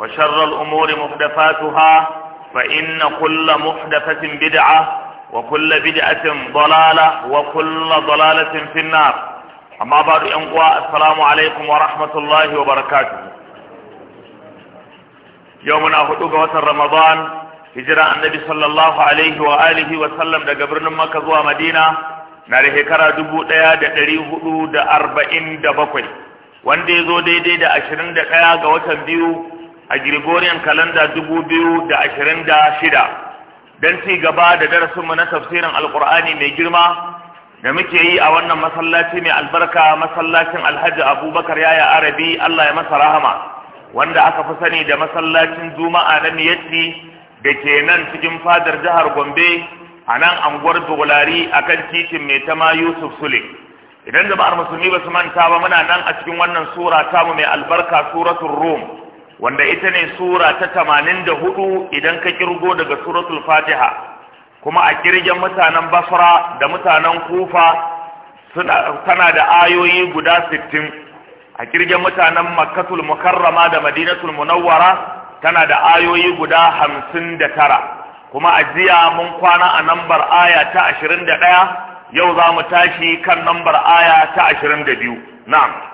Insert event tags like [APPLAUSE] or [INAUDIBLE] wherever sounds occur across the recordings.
وشر الأمور محدثاتها فإن كل محدثة بدعة وكل بدعة ضلالة وكل ضلالة في النار أما بعد أنقوى السلام عليكم ورحمة الله وبركاته يومنا هدوك وتر رمضان هجرة النبي صلى الله عليه وآله وسلم دا قبرنا مكة زوا مدينة ناري هكرا دبو ديا دا قريه دا أربعين دا بقوي وان دي زو دي دي دا أشرين دا قيا قوة بيو a Gregorian da shida don ci gaba da darasinmu na tafsirin alkur'ani mai girma da muke yi a wannan masallaci mai albarka masallacin alhaji abubakar yaya arabi allah ya masa rahama wanda aka fi sani da masallacin juma'a na miyatti da ke nan cikin fadar jihar gombe a nan anguwar dogolari a kan titin mai tama yusuf sule idan jama'ar musulmi ba su manta ba muna nan a cikin wannan sura tamu mai albarka suratul rum wanda ita ne sura ta tamanin da hudu idan ka kirgo daga suratul fatiha kuma a kirgen mutanen basra da mutanen kufa tana da ayoyi guda sittin a kirgen mutanen makkatul mukarrama da madinatul munawwara tana da ayoyi guda hamsin da tara kuma a jiya mun kwana a nambar aya ta ashirin da ɗaya yau za mu tashi kan nambar aya ta ashirin da biyu na'am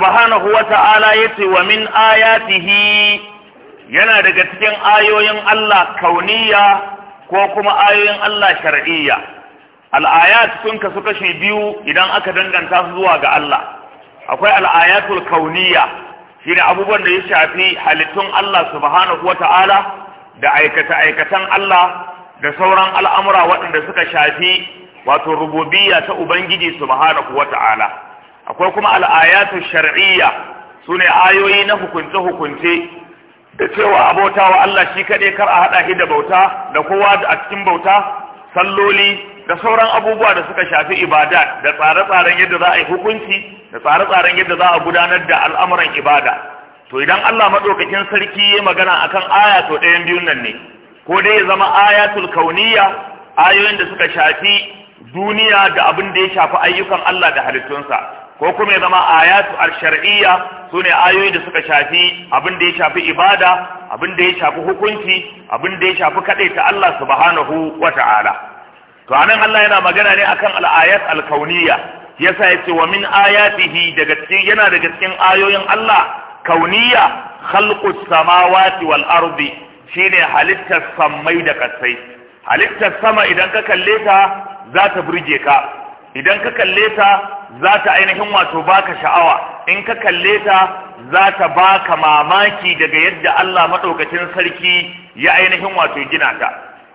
subhanahu wa ta'ala yace wa min ayatihi yana daga cikin ayoyin Allah kauniya ko kuma ayoyin Allah shar'iyya al'ayat sun kasu kashe biyu idan aka danganta su zuwa ga Allah akwai al'ayatul kauniya shine abubuwan da ya shafi halittun Allah subhanahu wa ta'ala da aikata aikatan Allah da sauran al'amura waɗanda suka shafi wato rububiyya ta Ubangiji subhanahu wa ta'ala akwai kuma al'ayatu shar'iyya ne ayoyi na hukunce hukunce da cewa abota wa Allah shi kaɗai kar a haɗa shi da bauta da kowa a cikin bauta salloli da sauran abubuwa da suka shafi ibada da tsare-tsaren yadda za a yi hukunci da tsare-tsaren yadda za a gudanar da al'amuran ibada to idan Allah maɗaukakin sarki ya magana akan aya to ɗayan biyun nan ne ko dai ya zama ayatul tulkauniya ayoyin da suka shafi duniya da abin da ya shafi ayyukan Allah da halittunsa ko kuma ya zama ayatu al-shar'iyya sune ayoyi da suka shafi abin da ya shafi ibada abin da ya shafi hukunci abin da ya shafi kaɗai, ta Allah subhanahu wata'ala to anan Allah yana magana ne akan al-ayat al-kauniyya yasa yace wa min ayatihi daga cikin yana daga cikin ayoyin Allah kauniyya khalqus samawati wal ardi shine halittar samai da kasai halittar sama idan ka kalle ta za ta burge ka idan ka kalle ta za ta ainihin wato baka sha'awa in ka kalle ta za ta baka mamaki daga yadda Allah maɗaukacin sarki ya ainihin wato gina ta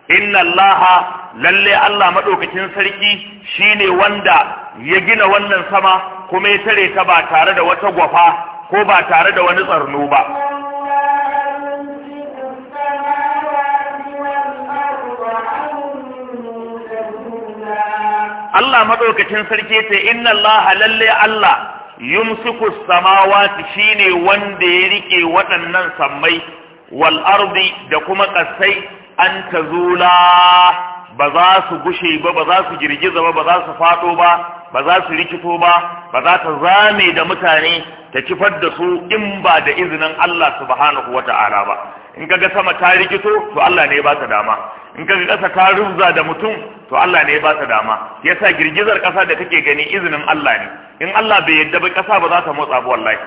inna Laha lalle Allah maɗaukacin sarki shine wanda ya gina wannan sama kuma ya tare ta ba tare da wata gwafa ko ba tare da wani tsarno ba Allah madaukakin sarki ce inna Allah lalle Allah yumsiku samawati shine wanda ya rike waɗannan sammai wal ardi da kuma kasai an tazula ba za su gushe ba ba za su girgiza ba ba za su fado ba ba za su rikito ba ba za ta zame da mutane ta kifar da su in ba da izinin Allah subhanahu wata'ala ba in kaga sama ta rikito to Allah ne ba ta dama in ka ga ƙasa ta rubza da mutum to Allah ne ya ba ta dama yasa girgizar ƙasa da kake gani izinin Allah ne in Allah bai yadda ba ƙasa ba za ta motsa ba wallahi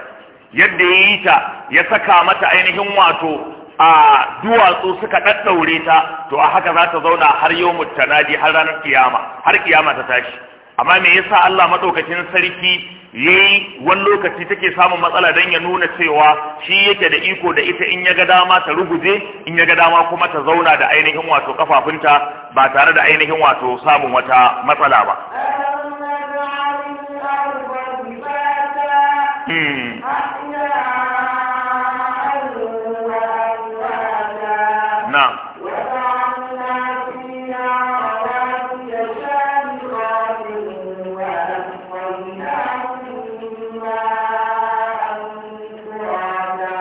yadda ya yi ta ya saka mata ainihin wato a duwatsu suka ɗaɗɗaure ta to a haka za ta zauna har yau mutanadi har ranar kiyama har kiyama ta tashi amma me yasa Allah madaukakin sarki yayi wani lokaci take samun matsala dan ya nuna cewa shi yake da iko da ita in ya ga dama ta ruguje in ya ga dama kuma ta zauna da ainihin wato kafafunta ba tare da ainihin wato samun wata matsala ba Hmm.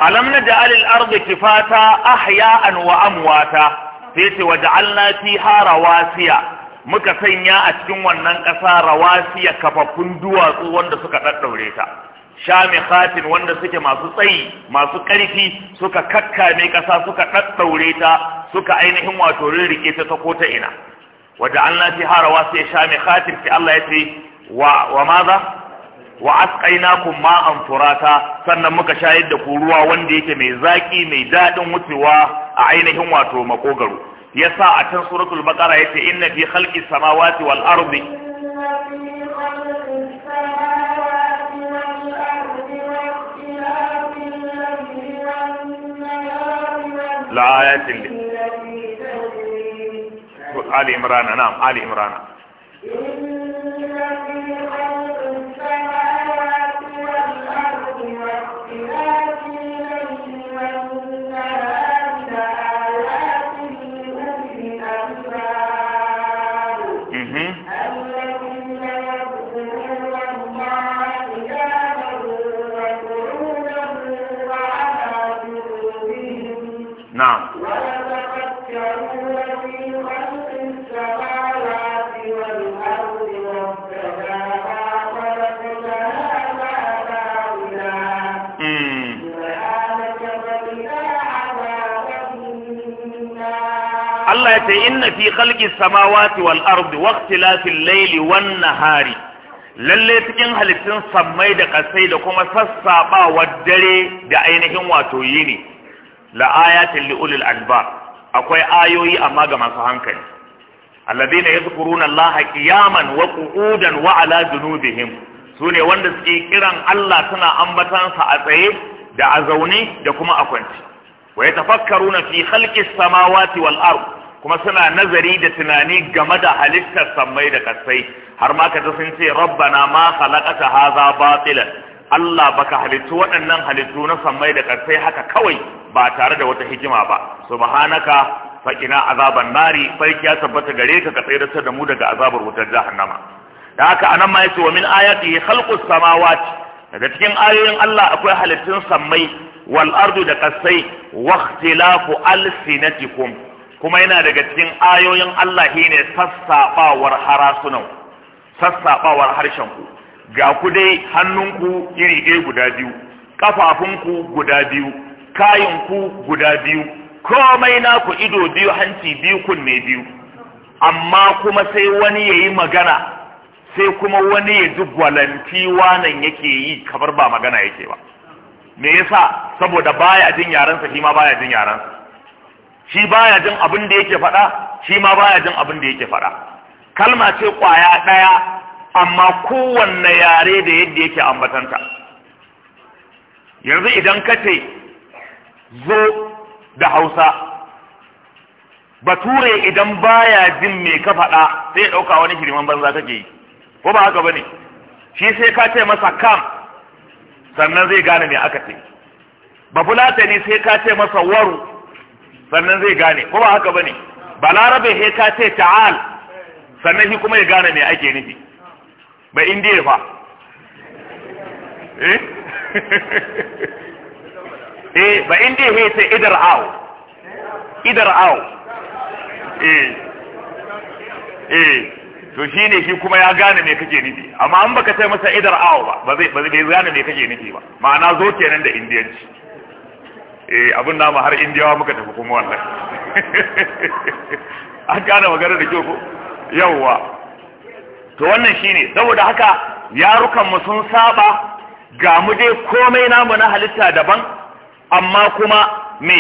alam na ja'alil arda kifata ahya'an wa amwata sai ce waja'alna fiha rawasiya muka sanya a cikin wannan ƙasa rawasiya kafaffun duwatsu wanda suka daddaure ta shamikhatin wanda suke masu tsayi masu ƙarfi suka kakkame ƙasa suka daddaure ta suka ainihin wato rirrike ta ko ta ina waja'alna fiha rawasiya shamikhatin sai Allah ya ce wa wa maza wa asqainakum ma'an furata sannan muka shayar da ku ruwa wanda yake mai zaki mai dadin wucewa a ainihin wato makogaro yasa a can suratul baqara yace inna fi khalqis samawati wal ardi لآيات آل عمران نعم آل عمران Allah ya ce inna fi khalqis samawati wal ardi wa ikhtilafil layli wan nahari lalle cikin halittun sammai da kasai da kuma sassaɓawar dare da ainihin wato yini la ayatin li ulil albab akwai ayoyi amma ga masu hankali alladhina yadhkuruna allaha qiyaman wa qu'udan wa ala junubihim sune wanda suke kiran Allah suna ambatansa a tsaye da a zaune da kuma a kwance wa yatafakkaruna fi khalqis samawati wal ard kuma suna nazari da tunani game da halittar sammai da kasai har ma ka sun ce rabbana ma khalaqata hadha batilan Allah baka halittu waɗannan halittu na sammai da kasai haka kawai ba tare da wata hikima ba subhanaka faƙina azaban nari farki ya tabbata gare ka ka tsayar da mu daga azabar wutar jahannama da haka anan ma yace wa min ayati khalqus samawati daga cikin ayoyin Allah akwai halittun sammai wal ardu da kasai wa ikhtilafu alsinatikum kuma yana daga cikin ayoyin Allah ne sassaɓawar harasunan sassaɓawar harshenku ga ku dai hannunku iri ɗaya guda biyu ƙafafunku guda biyu kayinku guda biyu komai naku ido biyu hanci biyu kunne biyu amma kuma sai wani ya yi magana sai kuma wani ya ji gwalanti wanan yake yi kamar ba magana yake ba me yasa saboda baya jin yarensa shi ma baya jin yarensa shi baya jin abin da yake faɗa shi ma baya jin abin da yake faɗa kalma ce ƙwaya ɗaya amma kowanne yare da yadda yake ambatanta yanzu idan ka ce zo da hausa bature idan baya jin mai ka faɗa sai ya ɗauka wani shirman banza kake yi ko ba haka ba ne? shi sai ka ce masa kam sannan zai gane me aka ce bafulatani sai ka ce masa waru sannan zai gane ko ba haka bane balarabe he ka ce ta'al sannan shi kuma ya gane me ake nufi ba indiya fa eh [LAUGHS] eh ba indiya he ce idar aw idar aw eh eh to shi ne shi kuma ya gane me kake nufi amma an baka sai masa idar awa ba ba zai gane me kake nufi ba ma'ana zo kenan da indiyanci eh abin nama har indiyawa muka tafi kuma wannan [LAUGHS] an gane magana da kyau ko yawwa to wannan shine saboda haka yarukan mu sun saba ga mu dai komai namu na halitta daban amma kuma me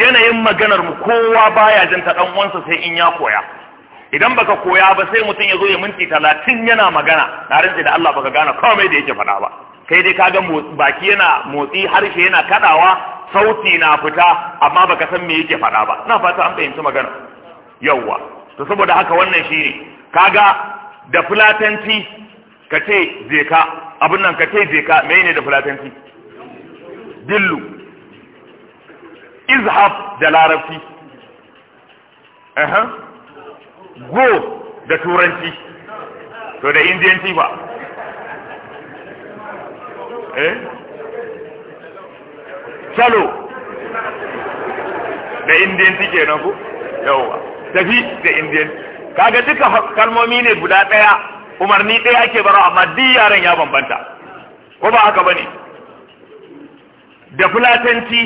yanayin maganar mu kowa baya jin ta dan uwansa sai in ya koya idan baka koya ba sai mutum ya zo ya minti talatin yana magana na da Allah baka gane komai da yake faɗa ba kai dai ga baki yana motsi harshe yana kadawa sauti na fita amma baka san me yake faɗa ba na fata an fahimci magana yawwa to saboda haka wannan shine kaga da fulatanci ka ce zeka abin nan ka ce zeka ne da fulatanci dillu izhab da larabci go da turanci to da indiyanci ba eh salo da indiyanci kenan ku yawwa tafi da indiyanci kaga duka kalmomi ne guda daya umarni daya ake baro amma duk yaran ya bambanta ko ba haka bane da fulatanci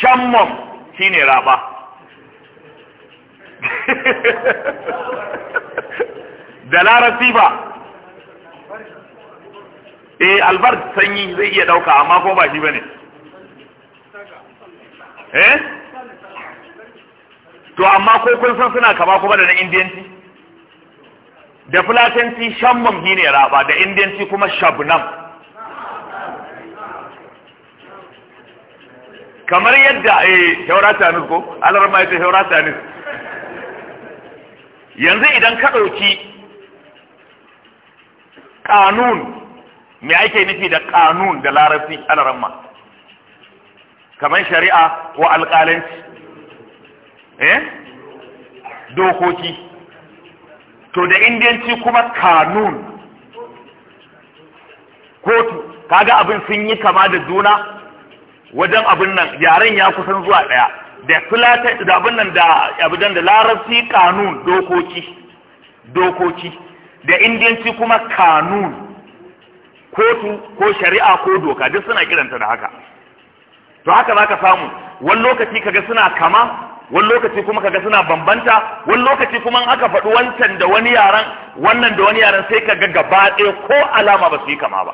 shammom shine raba [LAUGHS] da larabci ba eh albar sanyi zai iya dauka amma ko ba shi bane eh to amma ko kun san suna kaba kuma da na indiyanci da fulatanci shammam shi ne raba da indiyanci kuma shabnam kamar yadda eh shaurata nis ko alarma ita shaurata nis yanzu idan ka dauki kanun me ake nufi da kanun da larabci alaramma kamar shari'a ko alƙalanci eh dokoki to da indiyanci kuma kanun kotu kaga abin sun yi kama da juna wajen abin nan yaren ya kusan zuwa ɗaya da filata da abin nan da abin da larabci kanun dokoki dokoki da indiyanci kuma kanun kotu ko shari'a ko doka duk suna kiranta da haka to haka za ka samu wani lokaci kaga suna kama wani lokaci kuma kaga suna bambanta wani lokaci kuma aka faɗi wancan da wani yaran wannan da wani yaran sai kaga gaba ɗaya ko alama ba su yi kama ba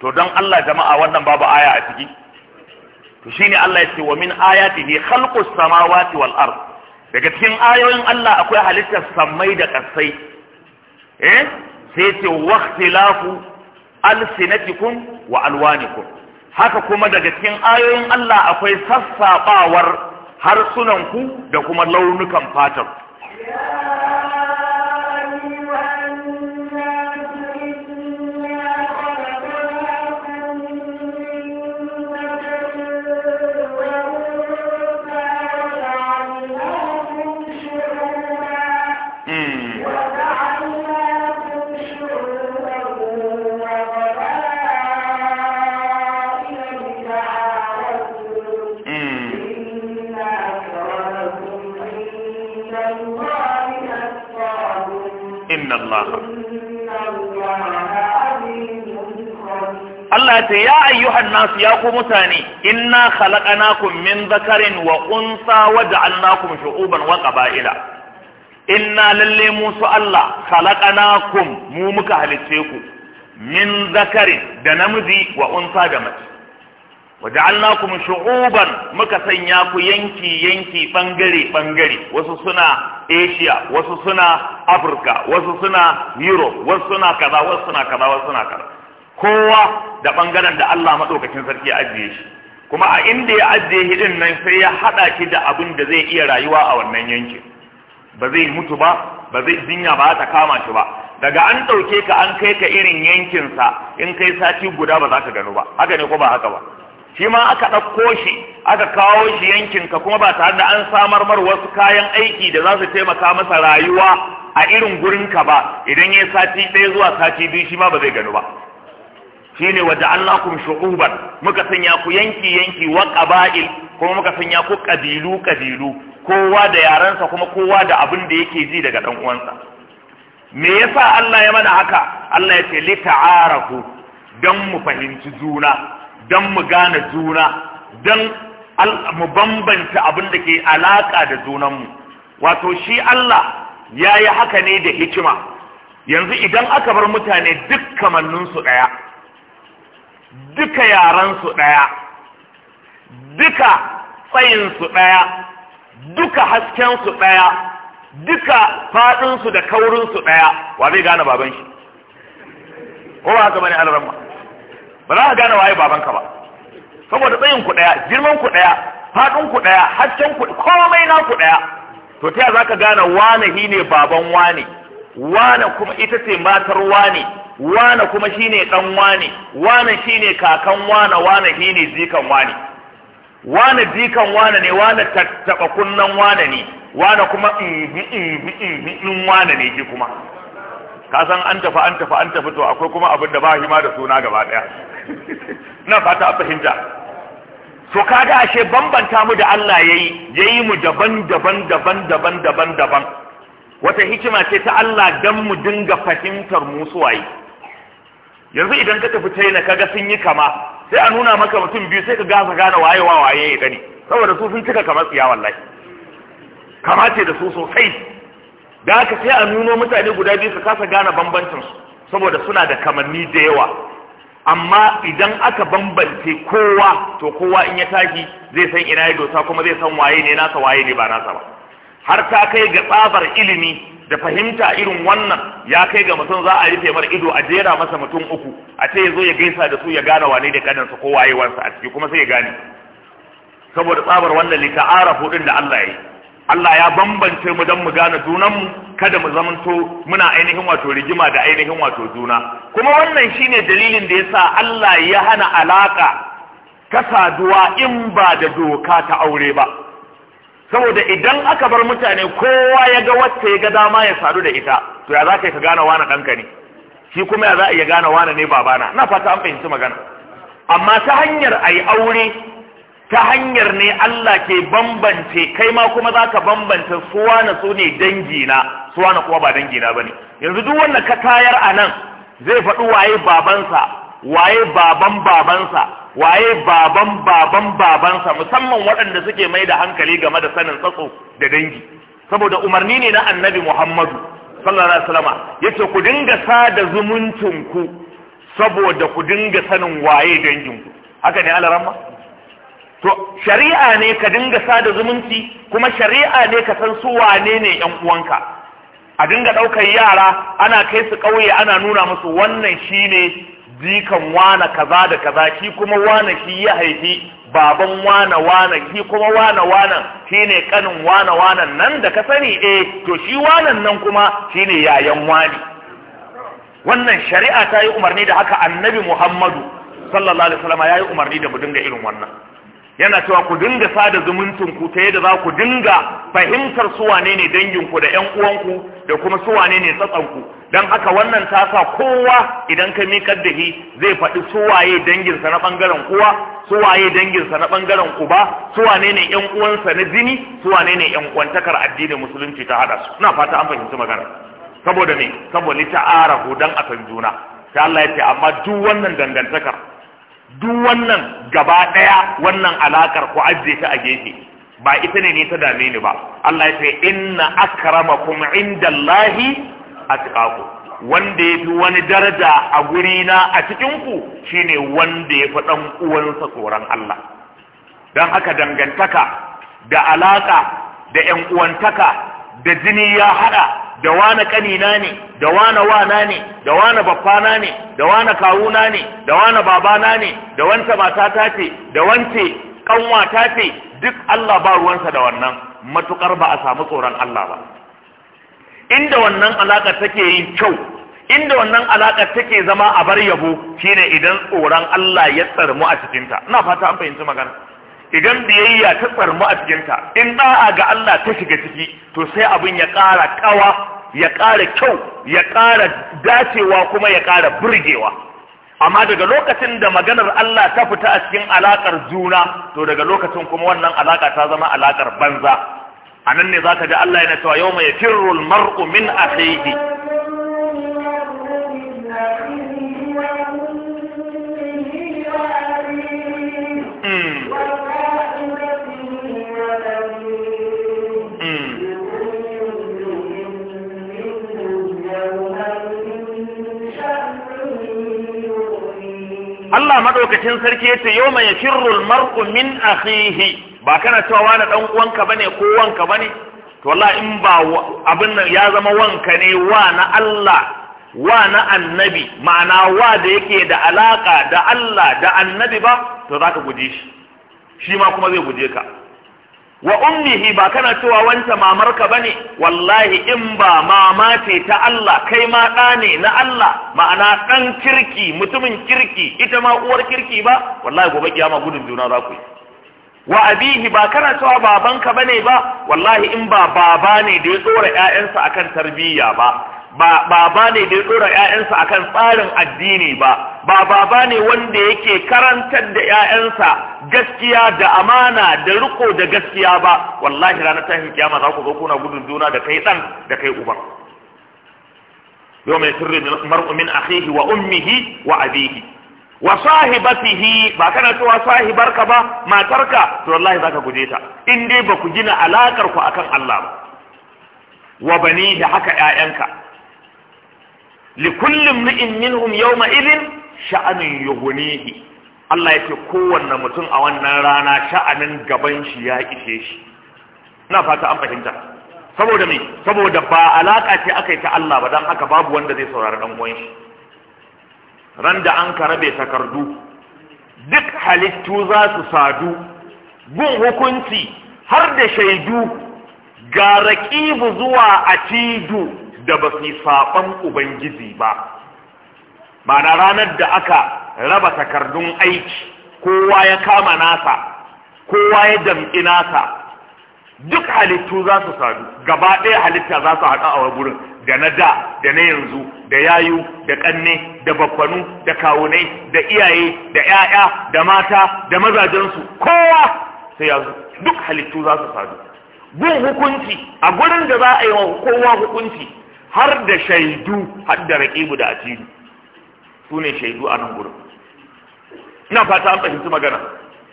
to don Allah jama'a wannan babu aya a ciki to shine Allah ya ce wa min ayatihi khalqus samawati wal ard daga cikin ayoyin Allah akwai halittar samai da kasai eh sai ce waqtilafu alsinatikum wa alwanikum haka kuma daga cikin ayoyin Allah akwai sassaɓawar harsunanku da kuma launukan fatar Allah ta ya ayyuhan nasu ya ku mutane inna khalaqnakum min zakarin wa unsa wa ja'alnakum shu'uban wa qaba'ila inna lalle musu Allah khalaqnakum mu muka halice ku min zakarin da namiji wa unsa da mace waja'alnakum shu'uban muka sanya ku yanki yanki bangare bangare wasu suna Asia wasu suna Africa wasu suna Europe wasu suna kaza wasu suna kaza wasu suna kaza kowa da bangaren da Allah madaukakin sarki ya ajiye shi kuma a inda ya ajiye shi nan sai ya haɗa shi da abin da zai iya rayuwa a wannan yankin ba zai mutu ba ba zai jinya ba ta kama shi ba daga an ɗauke ka an kai ka irin yankinsa in kai sati guda ba za ka gano ba haka ne ko ba haka ba shi ma aka ɗauko shi aka kawo shi yankinka kuma ba tare da an samar mar wasu kayan aiki da za su taimaka masa rayuwa a irin gurinka ba idan ya sati ɗaya zuwa sati biyu shi ma ba zai gano ba shi ne wadda allakum shu'uban muka sanya ku yanki yanki wa ƙaba'il kuma muka sanya ku ƙabilu ƙabilu kowa da yarensa kuma kowa da abin da yake ji daga ɗan uwansa me yasa Allah ya mana haka Allah ya ce li don dan mu fahimci juna don mu gane juna don mu bambanta abin da ke alaƙa da junanmu wato shi Allah ya yi haka ne da hikima yanzu idan aka bar mutane duk kamanninsu ɗaya duka yarensu ɗaya duka tsayinsu ɗaya duka haskensu ɗaya duka faɗinsu da kaurinsu ɗaya wa zai gane baban shi ko ba haka bane ba za ka gane waye babanka ba saboda tsayin ku daya girman ku daya fadin ku daya hasken ku komai na ku daya to ta za ka gane wane hi ne baban wane wane kuma ita ce matar wane wane kuma shine dan wane wane shine kakan wane wane hi ne jikan wane wane jikan wane ne wane tattaba kunnan wane ne wane kuma in wane ne ki kuma ka san an tafi an tafi an tafi to akwai kuma abin da ba shi ma da suna gaba daya na fata a fahimta to kaga ashe bambanta mu da Allah yayi yayi mu daban daban daban daban daban daban wata hikima ce ta Allah dan mu dinga fahimtar mu waye. yanzu idan ka tafi China kaga sun yi kama sai a nuna maka mutum biyu sai ka gafa gane waye wa waye ya gani saboda su sun cika kamar tsiya wallahi kama ce da su sosai da haka sai a nuno mutane guda biyu ka kasa gane bambancin su saboda suna da kamanni da yawa amma idan aka bambance kowa to kowa in ya tashi zai san ina ya dosa kuma zai san waye ne nasa waye ne ba nasa ba har ta kai ga tsabar ilimi da fahimta irin wannan ya kai ga mutum za a rufe mar ido a jera masa mutum uku a ce ya zo ya gaisa da su ya gane wane da kadansa ko wayewansa a ciki kuma sai ya gane saboda tsabar wannan lita'arafu din da Allah ya yi Allah ya bambance mu don mu gane junanmu kada mu zamanto muna ainihin wato rigima da ainihin wato juna kuma wannan shine dalilin da yasa Allah ya hana alaka ta saduwa in ba da doka ta aure ba saboda idan aka bar mutane kowa ya ga wacce ya ga dama ya sadu da ita to ya za ka ka gane wani ɗanka ne shi kuma ya za a iya gane wani ne babana na fata an fahimci magana amma ta hanyar a yi aure ta hanyar ne Allah ke bambance kai ma kuma za ka bambance suwa na su ne dangina suwa na kuma ba dangina ba ne yanzu duk wannan ka tayar a nan zai faɗi waye babansa waye baban babansa waye baban baban babansa musamman waɗanda suke mai da hankali game da sanin tsatso da dangi saboda umarni ne na annabi muhammadu sallallahu alaihi wasallama yace ku dinga sada zumuncinku saboda ku dinga sanin waye danginku haka ne alaramma to shari'a ne ka dinga sada zumunci kuma shari'a ne ka san su wane ne yan uwanka a dinga ɗaukar yara ana kai su ƙauye ana nuna musu wannan shine jikan wana kaza da kaza shi kuma wana shi ya haifi baban wana wana shi kuma wana wana shine kanin wana wana nan da ka sani eh to shi wanan nan kuma shine yayan wani wannan shari'a ta yi umarni da haka annabi Muhammadu sallallahu alaihi wasallam ya yi umarni da mu dinga irin wannan yana cewa ku dinga sada zumuncin ku ta yadda za ku dinga fahimtar su wane ne danginku da ƴan uwanku da kuma su wane ne tsatsanku dan haka wannan ta sa kowa idan ka miƙar da shi zai faɗi su waye danginsa na ɓangaren kowa su waye danginsa na ɓangaren uba su wane ne ƴan uwansa na jini su wane ne ƴan uwantakar addinin musulunci ta hada su ina fata an fahimci magana saboda me saboda ta'arafu dan a san juna sai Allah ya ce amma duk wannan dangantakar duk wannan gaba ɗaya wannan alakar ku ajiye ta a gefe ba ita ne ne ta dame ni ba Allah ya ce inna akramakum indallahi atqakum wanda yafi wani daraja a guri na a cikin ku shine wanda yafi dan uwansa tsoron Allah dan haka dangantaka da alaka da yan uwantaka da jini ya haɗa. da wane kanina ne da wane wana ne da wane babbana ne da wane kawuna ne da wane babana ne da wanta matata ce da wance kanwata ce duk Allah ba ruwansa da wannan matukar ba a samu tsoron Allah ba inda wannan alaƙar take yin kyau inda wannan alakar take zama a bar yabo shine idan tsoron Allah ya tsarmu a cikinta ina fata an fahimci magana idan biyayya ta tsarmu a cikinta in da'a ga Allah ta shiga ciki to sai abin ya ƙara ƙawa ya ƙara kyau ya ƙara dacewa kuma ya ƙara burgewa amma daga lokacin da maganar Allah ta fita a cikin alaƙar juna to daga lokacin kuma wannan alaƙa ta zama alaƙar banza a nan ne za ka ji Allah yana cewa yau mai firrul mar'u min akhihi Allah maɗaukacin sarki yace yawma yafirrul mar'u min akhihi ba kana cewa wani dan uwanka bane ko wanka bane to wallahi in ba abin nan ya zama wanka ne wa na Allah wa na annabi ma'ana wa da yake da alaka da Allah da annabi ba to zaka guje shi shi ma kuma zai guje ka wa ummihi ba kana cewa wanta mamarka bane wallahi in ba mama ce ta Allah kai ma da ne na Allah ma'ana ɗan kirki mutumin kirki ita ma uwar kirki ba wallahi gobe kiyama gudun juna za ku yi wa abihi ba kana cewa babanka bane ba wallahi in ba baba ne da ya tsora ƴaƴansa akan tarbiyya ba ba ba ne da ya dora ƴaƴansa akan tsarin addini ba ba ba ba ne wanda yake karantar da ƴaƴansa gaskiya da amana da riko da gaskiya ba wallahi ranar tashin kiyama za ku zo kuna gudun juna da kai dan da kai uba. yawma yasirru mar'u min akhihi wa ummihi wa abihi wa sahibatihi ba kana cewa sahibarka ba matarka to wallahi zaka guje ta in dai ba ku gina alakar ku akan Allah ba wa banihi haka ƴaƴanka likulli mri'in minhum yawma idhin sha'anin yughnihi Allah yake kowanne mutum a wannan rana sha'anin gaban shi ya ishe shi ina fata an fahimta saboda me saboda ba alaka ce aka yi ta Allah ba dan haka babu wanda zai saurari dan uwan shi ran da an karabe takardu duk halittu za su sadu gun hukunci har da shaidu ga ƙibu zuwa atidu da ba su saɓan ubangiji ba Mana ranar da aka raba takardun aiki kowa ya kama nasa kowa ya damƙi nasa duk halittu za su sadu gaba ɗaya halitta za su haɗu a wurin da na da da na yanzu da yayu da ƙanne da baffanu da kawunai da iyaye da 'ya'ya da mata da mazajensu kowa sai yanzu. duk halittu za su sadu gun hukunci a gurin da za a yi wa kowa hukunci har da shaidu har da raƙibu da atidu su ne shaidu a nan guri ina fata an fahimci magana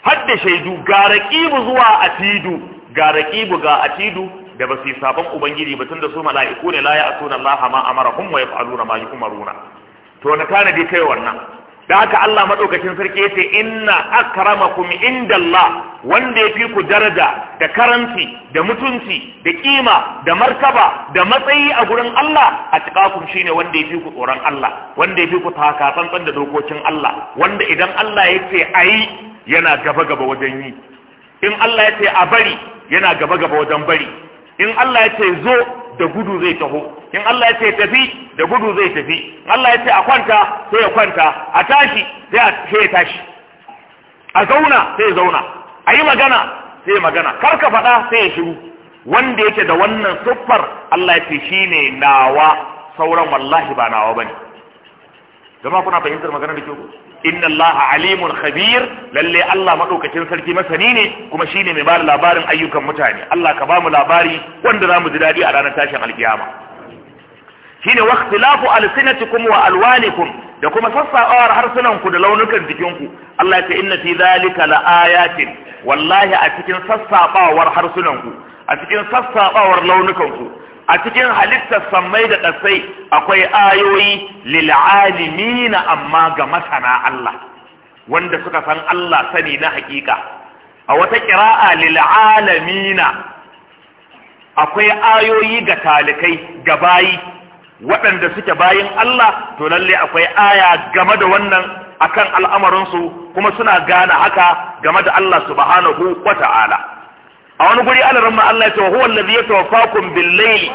har da shaidu ga raƙibu zuwa atidu ga raƙibu ga atidu da ba su yi sabon ubangiji ba tun tunda su mala'iku ne la asuna Allah ma ya wa na ma yi umaruna to na tanadi kai wannan da haka Allah madaukakin sarki yace inna akramakum indallah wanda ya fi ku daraja da karanci da mutunci da kima da martaba da matsayi a gurin Allah a shi shine wanda yafi ku tsoron Allah wanda yafi ku taka tsantsan da dokokin Allah wanda idan Allah yace ayi yana gaba gaba wajen yi in Allah yace a bari yana gaba gaba wajen bari in Allah yace zo da gudu zai taho in Allah ya ce tafi da gudu zai tafi in Allah ya ce a kwanta sai ya kwanta a tashi sai ya tashi a zauna sai ya zauna a yi magana sai ya magana kar ka faɗa sai ya shiru wanda yake da wannan siffar Allah ya ce ne nawa sauran wallahi ba nawa bane jama'a kuna fahimtar magana da kyau inna Allah alimun khabir lalle Allah madaukakin sarki masani ne kuma shine mai da labarin ayyukan mutane Allah ka bamu labari wanda za mu ji dadi a ranar tashin alkiyama shine wa ikhtilafu alsinatikum wa alwanikum da kuma sassaɓawar harsunanku da launukan jikinku Allah ya ce inna fi zalika laayatin wallahi a cikin sassaɓawar harsunanku a cikin sassaɓawar launukanku a cikin halittar sammai da ƙasai akwai ayoyi lil'alimina amma ga masana Allah wanda suka san Allah sani na hakika a wata ƙira'a lil'alamina akwai ayoyi ga talikai ga bayi waɗanda suke bayin Allah to lalle akwai aya game da wannan akan al'amarinsu kuma suna gane haka game da Allah subhanahu wa ta'ala a wani guri alarin ma Allah ya ce huwa allazi yatawaffakum bil layli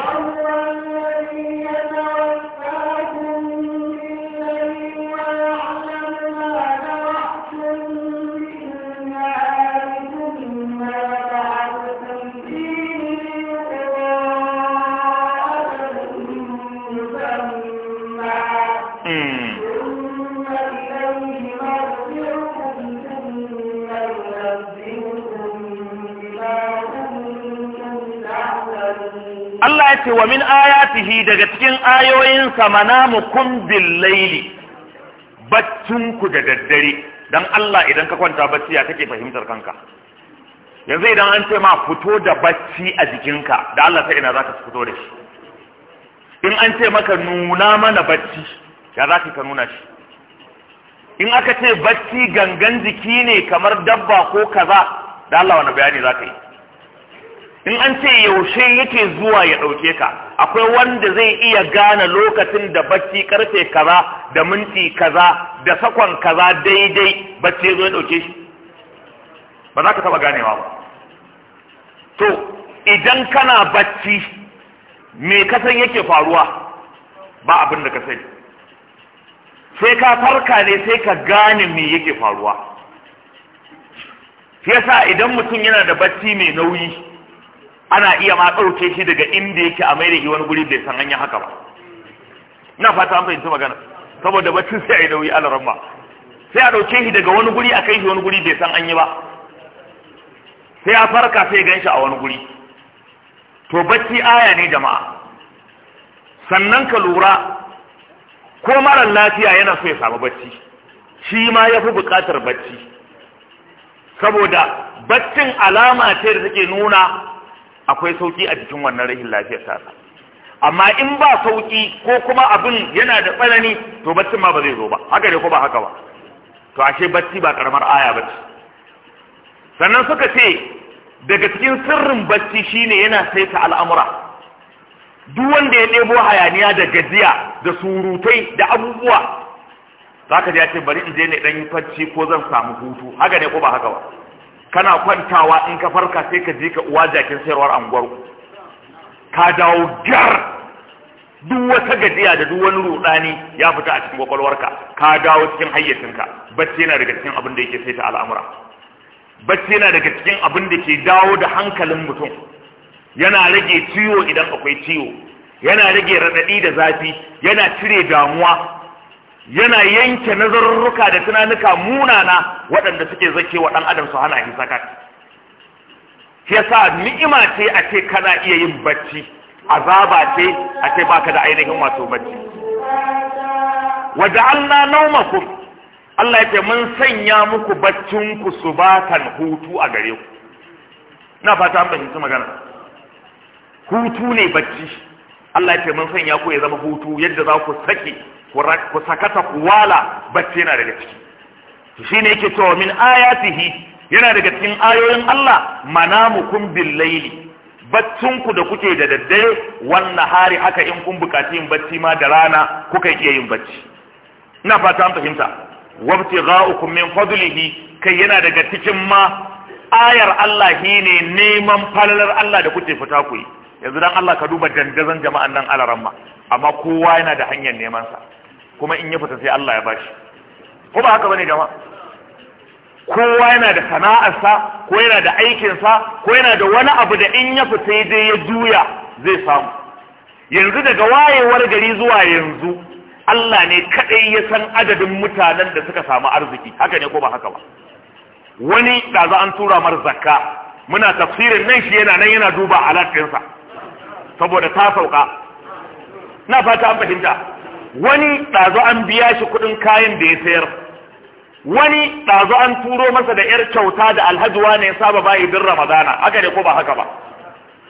Allah ce wa min ayatihi daga cikin ayoyinsa manamukum bil laili baccinku da daddare dan Allah idan ka kwanta bacci ya kake fahimtar kanka yanzu idan an ce ma fito da bacci a jikinka da Allah sai ina zaka fito da shi in an ce maka nuna mana bacci ya zaka ka nuna shi in aka ce bacci gangan jiki ne kamar dabba ko kaza da Allah wani bayani zaka yi in an ce yaushe yake zuwa ya ɗauke ka akwai wanda zai iya gane lokacin da bacci karfe kaza da minti kaza da sakon kaza daidai bacci zo ya ɗauke shi ba za ka taɓa ganewa ba to idan kana bacci me kasan yake faruwa ba abin da ka sani sai ka farka ne sai ka gane me yake faruwa yasa idan mutum yana da bacci mai nauyi ana iya ma ɗauke shi daga inda yake a mai da shi wani guri bai san hanya haka ba ina fata an fahimci magana saboda bacci sai a yi nauyi alaran ba sai a ɗauke shi daga wani guri a kai shi wani guri bai san an yi ba sai a farka sai gan shi a wani guri to bacci aya ne jama'a sannan ka lura ko marar lafiya yana so ya samu bacci shi ma ya fi buƙatar bacci saboda baccin alama ce da take nuna akwai sauki a jikin wannan rashin lafiyar tasa amma in ba sauki ko kuma abin yana da tsanani to baccin ma ba zai zo ba haka ne ko ba haka ba to ashe bacci ba karamar aya ba sannan suka ce daga cikin sirrin bacci shine yana saita al'amura duk wanda ya ɗebo hayaniya da gajiya da surutai da abubuwa za ka ce bari in je ne ɗan yi facci ko zan samu hutu haka ne ko ba haka ba kana kwantawa in ka farka sai ka je ka uwa jakin sayarwar anguwar ka dawo gar duk wata gajiya da duk wani rudani ya fita a cikin kwakwalwarka ka dawo cikin hayyacinka bacci yana daga cikin abin da yake saita al'amura bacci yana daga cikin abin da ke dawo da hankalin mutum yana rage ciwo idan akwai ciwo yana rage raɗaɗi da zafi yana cire damuwa yana yanke nazarruka da tunanuka munana waɗanda suke zake wa ɗan adam su hana shi yasa ni'ima ce a ce kana iya yin bacci azaba ce a ce baka da ainihin wato bacci ja'alna nawmakum Allah ya ce mun sanya muku baccin ku subatan hutu a gare ku na fata an fahimci magana hutu ne bacci Allah ya ce mun sanya ku ya zama hutu yadda za ku sake ku sakata ku wala bacci yana daga ciki shine yake cewa min ayatihi yana daga cikin ayoyin Allah manamukum bil laili ku da kuke da daddare wannan hari haka in kun bukaci yin bacci ma da rana kuka iya yin bacci ina fata an fahimta wabtigha'ukum min fadlihi kai yana daga cikin ma ayar Allah shine neman falalar Allah da kuke fita ku yi yanzu dan Allah ka duba dandazon jama'an nan alaramma amma kowa yana da hanyar neman sa kuma in ya fita sai Allah ya bashi ko ba haka bane jama'a kowa yana da sana'arsa ko yana da aikinsa ko yana da wani abu da in ya fita dai ya juya zai samu yanzu daga wayewar gari zuwa yanzu Allah ne kadai ya san adadin mutanen da suka samu arziki haka ne ko ba haka ba wani da za an tura mar zakka muna tafsirin nan shi yana nan yana duba alaƙinsa saboda ta sauka na fata an fahimta wani ɗazu an biya shi kuɗin kayan da ya sayar wani ɗazu an turo masa da ‘yar kyauta da alhajuwa ne saba bayi bin ramadana aka ne ko ba haka ba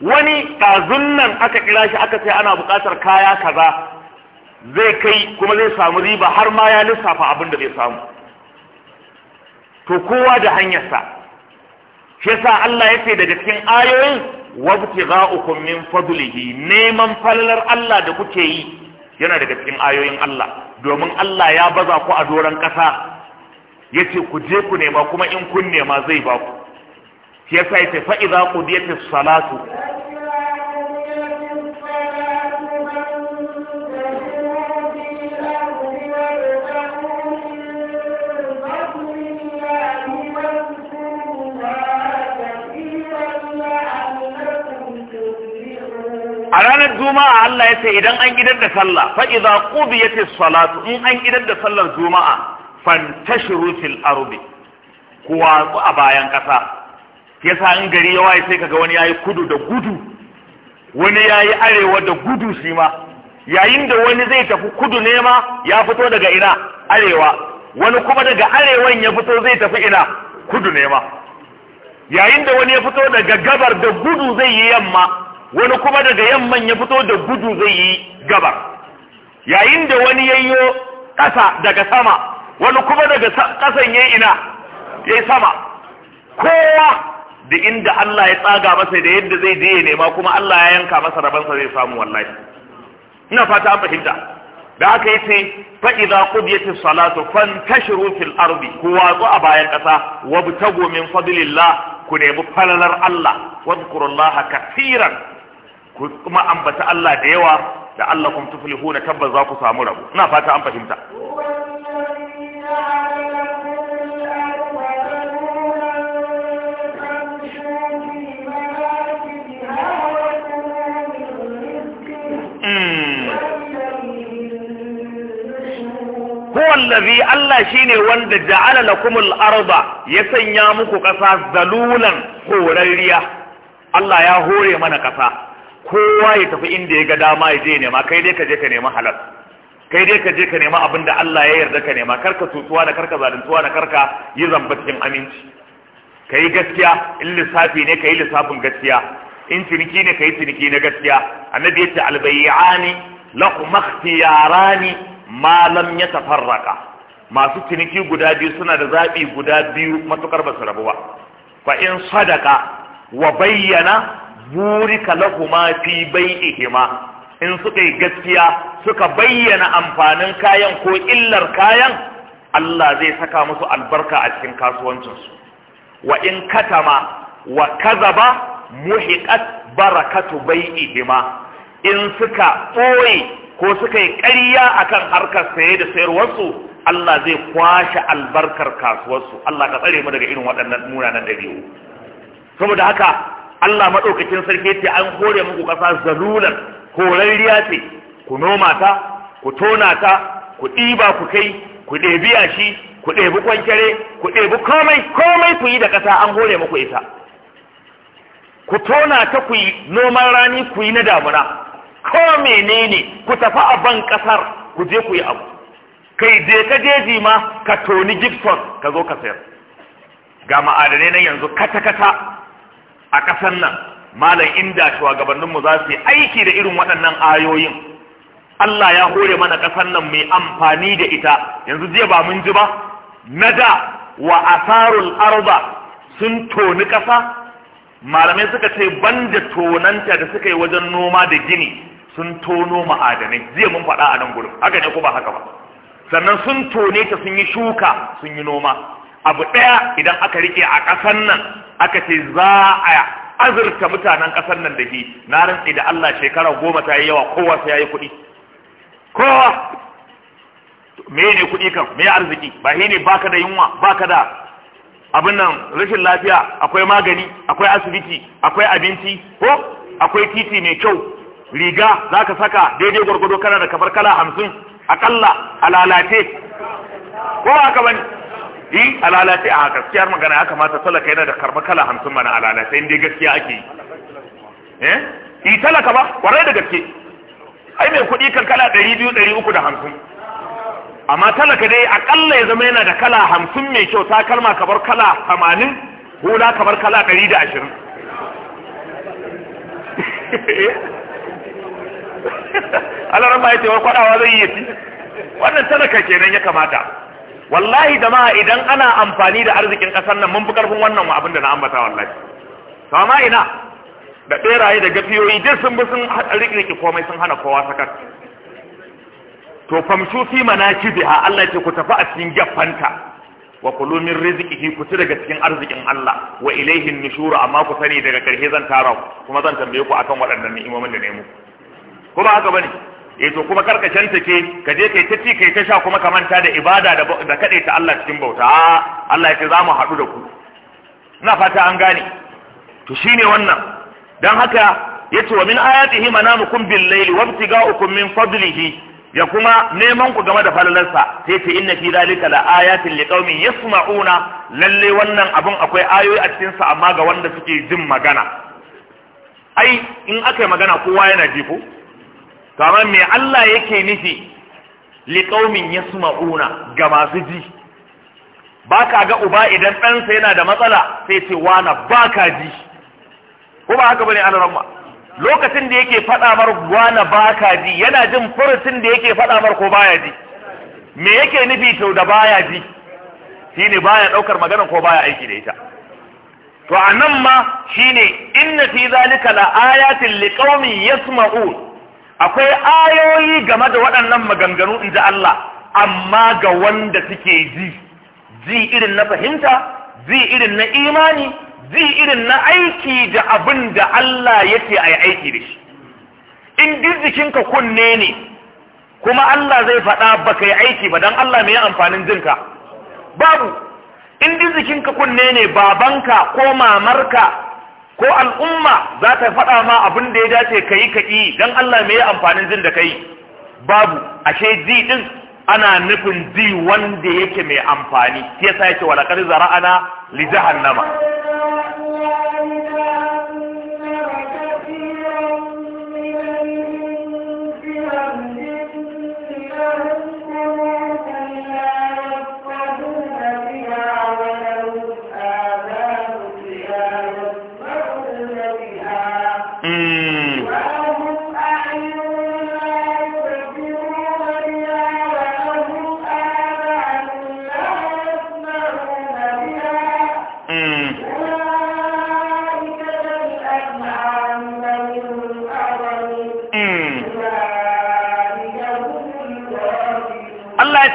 wani ɗazun nan aka kira shi aka sayi ana buƙatar kaya kaza zai kai kuma zai samu riba har ma ya lissafa abin da zai samu to kowa da hanyarsa shi yasa Allah ya ce daga cikin ayoyin wabtigha'ukum min fadlihi neman falalar Allah da kuke yi yana daga cikin ayoyin Allah domin Allah ya baza ku a doron ƙasa yace ku je ku nema kuma in kun nema zai ba ku shi yasa yace fa idza qudiyatis salatu ayar juma'a Allah ya ce idan an idar da sallah fa idza qudiyatis salatu in an idar da sallar juma'a fantashiru fil ardi ku watsu a bayan kasa yasa in gari ya waye sai kaga wani yayi kudu da gudu wani yayi arewa da gudu shi ma yayin da wani zai tafi kudu ne ma ya fito daga ina arewa wani kuma daga arewan ya fito zai tafi ina kudu ne ma yayin da wani ya fito daga gabar da gudu zai yi yamma wani kuma daga yamman ya fito da gudu zai yi gaba yayin da wani yayyo ƙasa daga sama wani kuma daga ƙasan ya ina ya sama kowa da inda Allah ya tsaga masa da yadda zai je ya nema kuma Allah ya yanka masa rabansa zai samu wallahi ina fata an fahimta da aka yi sai fa idza qudiyatis salatu fantashiru fil ardi ku watsu a bayan ƙasa wabtagu min fadlillah ku nemi falalar Allah zkurullaha katiran kuma ambata Allah da yawa da Allah kum tuflihuna tabbas za ku samu rabo ina fata an fahimta hmm. wallazi Allah shine wanda ja'ala lakumul arba ya sanya muku ƙasa zalulan horarriya Allah ya hore mana ƙasa kowa ya tafi inda ya ga dama ya je nema kai dai ka je ka nema halal kai dai ka je ka nema abin da Allah ya yarda ka nema karka tutuwa da karka zaluntuwa da karka yi zamba cikin aminci ka yi gaskiya in lissafi ne ka yi lissafin gaskiya in ciniki ne ka yi ciniki na gaskiya annabi ya ce albayyani lakum ikhtiyarani ma lam yatafarraqa masu ciniki guda biyu suna da zabi guda biyu matukar basu rabu ba fa in sadaka wa bayyana burika lahuma fi bai'ihima in suka yi gaskiya suka bayyana amfanin kayan ko illar kayan Allah zai saka musu albarka a cikin kasuwancinsu wa in katama wa kazaba muhiqat barakatu bai'ihima in suka ɓoye ko suka yi ƙarya akan harkar saye da sayarwarsu Allah zai kwashe albarkar kasuwarsu Allah ka tsare mu daga irin waɗannan munanan ɗabi'u saboda haka Allah madaukakin sarki ce an hore muku ƙasa zalulan horarriya ce ku noma ta ku tona ta ku ɗiba ku kai ku ɗebi yashi ku ɗebi kwankere ku ɗebi komai komai ku yi da ƙasa, an hore muku ita ku tona ta ku yi noman rani ku yi na damuna ko menene ku tafi a ban ƙasar ku je ku yi abu kai je ka jeji ma ka toni gibson ka zo ka sayar ga ma'adanai nan yanzu kata kata a ƙasar nan malam inda shugabanninmu za su yi aiki da irin waɗannan ayoyin Allah ya hore mana ƙasar nan mai amfani da ita yanzu jiya ba mun ji ba na da wa asarul arba sun toni ƙasa malamai suka ce ban da tonanta da suka yi wajen noma da gini sun tono ma'adanai jiya mun faɗa a nan gurin haka ne ko ba haka ba sannan sun tone ta sun yi shuka sun yi noma abu ɗaya idan aka rike a ƙasan nan aka ce za a azurta mutanen ƙasar nan da shi na rantsi da Allah shekara goma ta yi yawa kowa sai ya yi kuɗi kowa me ne kuɗi kan me arziki ba shi ne baka da yunwa baka da abin nan rashin lafiya akwai magani akwai asibiti akwai abinci ko akwai titi mai kyau riga za ka saka daidai gwargwado kana da kamar kala hamsin akalla a lalace ko haka bane yi a lalace a gaskiyar magana ya kamata talaka yana da karba kala hamsin mana a lalace inda gaskiya ake yi eh yi talaka ba kwarai da gaske ai mai kuɗi kan kala ɗari biyu ɗari uku da hamsin amma talaka dai akalla ya zama yana da kala hamsin mai kyau takalma kabar kala tamanin hula kabar kala ɗari da ashirin [LAUGHS] eh? [LAUGHS] Allah ran ba ya ce wa kwaɗawa zai yi yafi wannan talaka kenan ya kamata wallahi jama'a idan ana amfani da arzikin kasar nan mun fi karfin wannan wa abinda na ambata wallahi to amma ina da beraye da gafiyoyi duk sun bi sun rike komai sun hana kowa sakar to famshu fi manakibiha Allah ya ce ku tafi a cikin gaffanta wa kulu min rizqihi ku ci daga cikin arzikin Allah wa ilaihi nushur amma ku sani daga karshe zan tara kuma zan tambaye ku akan waɗannan ni'imomin da nemu muku kuma haka ne? E to kuma karkashin take ka je kai ta ci kai ta sha kuma ka manta da ibada da kaɗai ta Allah cikin bauta Allah ya ce za haɗu da ku ina fata an gane to shine wannan dan haka yace wa min ayatihi manamukum bil layli wabtiga'ukum min fadlihi ya kuma neman ku game da falalarsa sai ce inna fi zalika la ayatin liqaumin yasma'una lalle wannan abun akwai ayoyi a cikin sa amma ga wanda suke jin magana ai in aka yi magana kowa yana ji ko to amma me Allah yake nufi qaumin yasma'una ga masu ji baka ga uba idan ɗansa yana da matsala sai ce wana baka ji ko ba haka bane ramma? lokacin da yake faɗa mar wana baka ji yana jin furucin da yake faɗa mar ko baya ji me yake nufi to da baya ji shine baya ɗaukar magana ko baya aiki da ita to anan ma shine inna fi zalika la ayatin qaumin yasma'un akwai ayoyi game da waɗannan maganganu in ji Allah amma ga wanda suke ji ji irin na fahimta ji irin na imani ji irin na aiki da abin da Allah yake a aiki da shi in jikinka kunne ne kuma Allah zai faɗa ba ka yi aiki ba don Allah mai amfanin jinka babu in jikinka kunne ne babanka ko mamarka ko al'umma za ta faɗa ma abin da ya dace ka yi ka yi don Allah mai amfanin jin da ka yi babu ashe ji ɗin ana nufin ji wanda yake mai amfani shi yasa yake walaƙar zara'ana li jahannama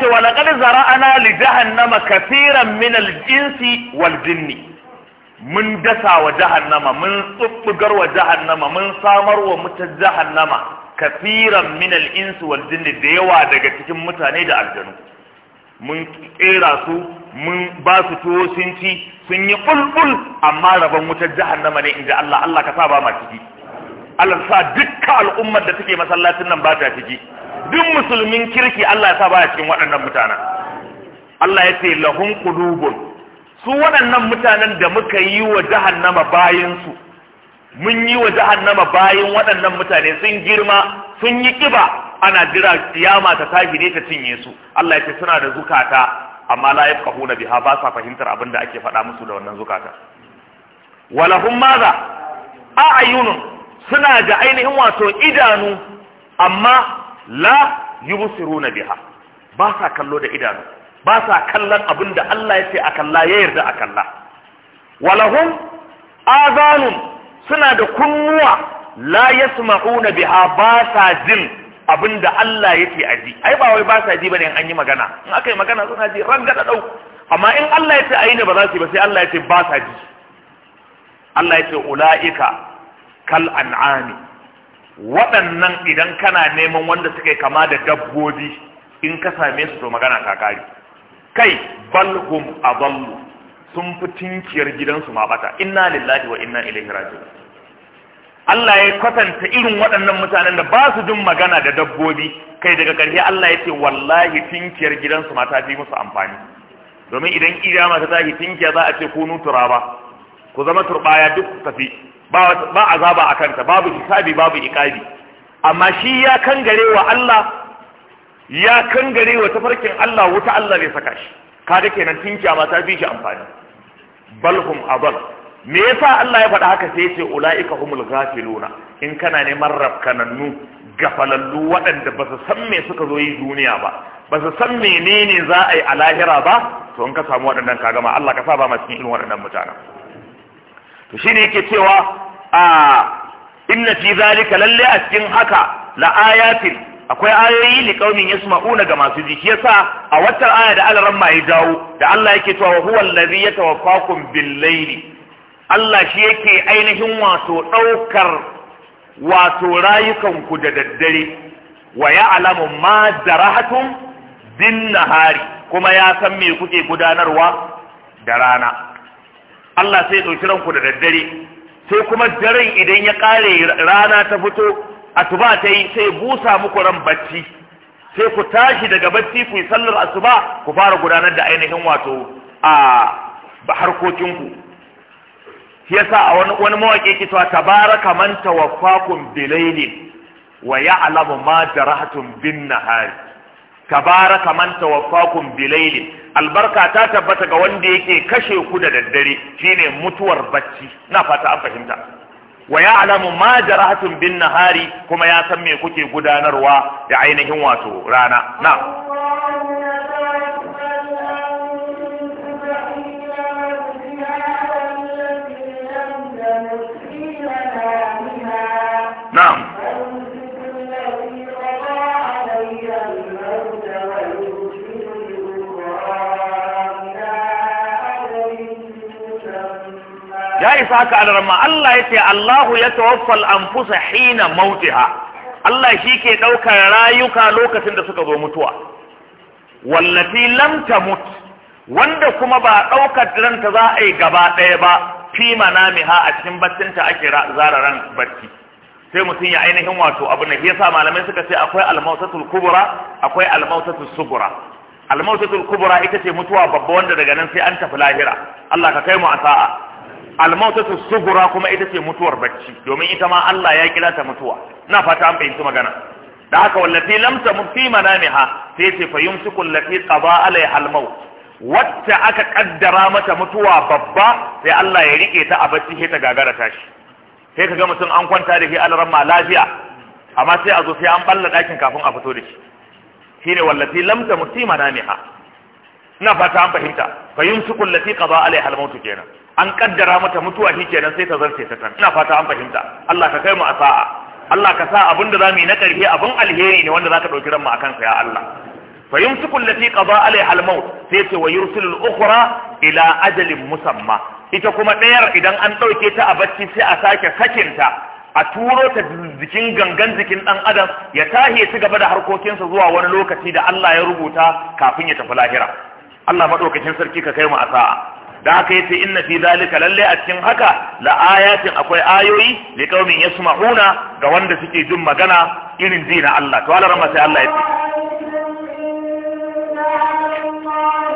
ce wa laqad zara'ana li jahannama kafiran min al wal jinni mun dasa wa jahannama mun tsubbugar wa jahannama mun samar wa muta jahannama kafiran min al-insi wal jinni da yawa daga cikin mutane da aljanu mun kera su mun ba su tuwo sun ci sun yi bulbul amma rabon wutar jahannama ne inda Allah Allah ka sa ba ma ciki Allah sa dukkan al'ummar da take masallacin nan ba ta ciki duk musulmin kirki Allah ya sa baya cikin waɗannan mutanen Allah ya ce lahun qulubun su waɗannan mutanen da muka yi wa jahannama bayin su mun yi wa jahannama bayan waɗannan mutane sun girma sun yi kiba ana jira kiyama ta tashi ne ta cinye su Allah ya ce suna da zukata amma la yafqahuna biha ba sa fahimtar abin da ake faɗa musu da wannan zukata walahun maza a'yunun suna da ainihin wato idanu amma la yubsiruna biha ba sa kallo da idanu ba sa kallon abin da Allah ya ce a kalla ya yarda a kalla walahum azanun suna da kunnuwa la yasma'una biha ba sa jin abinda da Allah ya ce a ji ai ba wai ba sa ji bane an yi magana in aka yi magana suna ji da dau amma in Allah ya ce ayi ne ba za su yi ba sai Allah ya ce ba sa ji Allah ya ce ula'ika kal an'ami waɗannan idan kana neman wanda suke kama da dabbobi in ka same su to magana ka kare kai balhum adallu sun fi tinkiyar gidansu ma bata inna lillahi wa inna ilaihi raji'un Allah ya kwatanta irin waɗannan mutanen da ba su jin magana da dabbobi kai daga ƙarshe Allah ya ce wallahi tinkiyar gidansu ma ta fi musu amfani domin idan kiyama ta tashi tinkiya za a ce kunu turaba ku zama turbaya duk tafi ba azaba a kanta, babu hisabi babu ikabi. amma shi ya kangare wa Allah ya kangare wa tafarkin Allah wuta Allah bai saka shi kaga kenan tinkiya ma ta fi shi amfani balhum abal me yasa Allah ya faɗa haka sai ce ulaika humul ghafiluna in kana neman rafkanannu gafalallu waɗanda ba su san me suka zo yi duniya ba ba su san menene za a yi a lahira ba to in ka samu waɗannan ka gama Allah ka sa ba ma cikin irin waɗannan mutanen to ne yake cewa a inna fi zalika lalle a cikin haka la ayatin akwai ayoyi li qaumin yasma'una ga masu ji yasa a wata aya da Allah ramma ya jawo da Allah yake cewa huwa allazi yatawaffakum bil layli Allah shi yake ainihin wato daukar wato rayukan ku da daddare wa ya'lamu ma darahatum bin nahari kuma ya san me kuke gudanarwa da rana Allah sai ya ɗauki ranku da daddare sai kuma daren idan ya ƙare rana ta fito asuba ta yi sai busa muku ran bacci sai ku tashi daga bacci ku yi sallar asuba ku fara gudanar da ainihin wato a harkokinku shi yasa a wani wani mawaƙi ke cewa tabaraka man tawaffakum bilailin wa ya'lamu ma jarahatum bin nahari tabaraka man tawaffakum bilailin albarka ta tabbata ga wanda yake kashe ku da daddare shine mutuwar bacci na fata an fahimta wa ya'lamu ma jarahatun bin nahari kuma ya san me kuke gudanarwa da ainihin wato rana na na. ya isa haka alarma Allah ya ce Allahu ya tawaffal fusa hina mautiha Allah shi ke ɗaukar rayuka lokacin da suka zo mutuwa wallafi lam tamut wanda kuma ba ɗaukar ranta za a yi gaba ɗaya ba fi manamiha a cikin baccinta ake zara ran bacci sai mutum ya ainihin wato abu ne yasa malamai suka ce akwai almautatul kubra akwai almautatul sugura almautatul kubra ita ce mutuwa babba wanda daga nan sai an tafi lahira Allah ka kai mu a sa'a almautatu sugura kuma ita ce mutuwar bacci domin ita ma Allah ya kira ta mutuwa na fata an fahimci magana da haka wallafi lam tamut fi manamiha sai ce fa yumsiku allati qada alaiha almaut wacce aka kaddara mata mutuwa babba sai Allah ya rike ta a bacci sai ta gagara tashi sai kaga mutum an kwanta da shi alaran ma lafiya amma sai a zo sai an balla dakin kafin a fito da shi shine wallafi lam tamut fi manamiha na fata an fahimta fa yumsiku allati qada alaiha al-maut kenan an kaddara mata mutuwa shi kenan sai ta zarce ta tan ina fata an fahimta Allah ka kai mu a sa'a Allah ka sa abin da zamu yi na karfe abin alheri ne wanda zaka dauki ranmu akan sa ya Allah fa yumsiku allati qada alaiha al-maut sai ce wa yursilu al-ukhra ila ajalin musamma ita kuma ɗayar idan an ɗauke ta a bacci sai a sake sakinta a turo ta jikin gangan jikin ɗan adam ya tahi ya ci gaba da harkokinsa zuwa wani lokaci da Allah ya rubuta kafin ya tafi lahira Allah maɗaukacin sarki ka kai mu a sa'a da haka yi inna fi zalika lalle a cikin haka la ayatin akwai ayoyi li qaumin yasma'una ga wanda suke jin magana irin ji na Allah to Allah rama sai Allah ya ce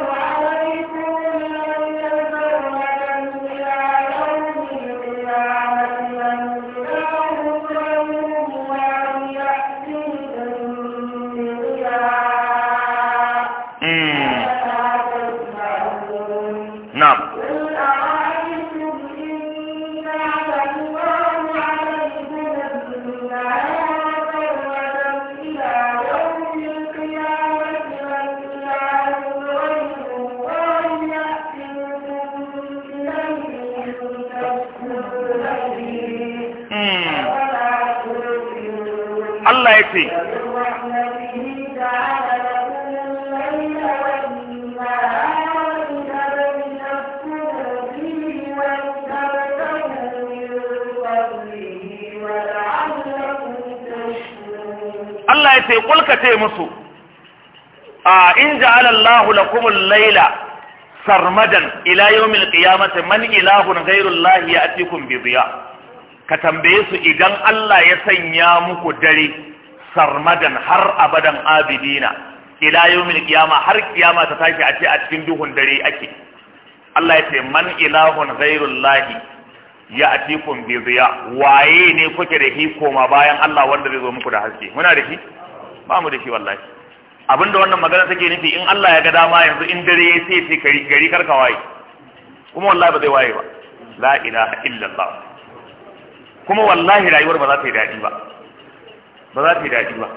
Sai kulka musu a in ja'ala Allahu lakum al-laila sarmadan ila yawmil qiyamati man ilahun ghayru Allah ya'tikum bi dhiya ka tambaye su idan Allah ya sanya muku dare sarmadan har abadan abidina ila yawmil qiyama har kiyama ta tashi a ce a cikin duhun dare ake Allah ya ce man ilahun ghayru Allah a bi dhiya waye ne kuke da koma bayan Allah wanda zai zo muku da haske muna da hi. ba mu da shi wallahi abinda wannan magana take nufi in Allah ya ga dama yanzu in dare ya sai sai kari gari karka waye kuma wallahi ba zai waye ba la ilaha illallah kuma wallahi rayuwar ba za ta yi daɗi ba ba za ta yi daɗi ba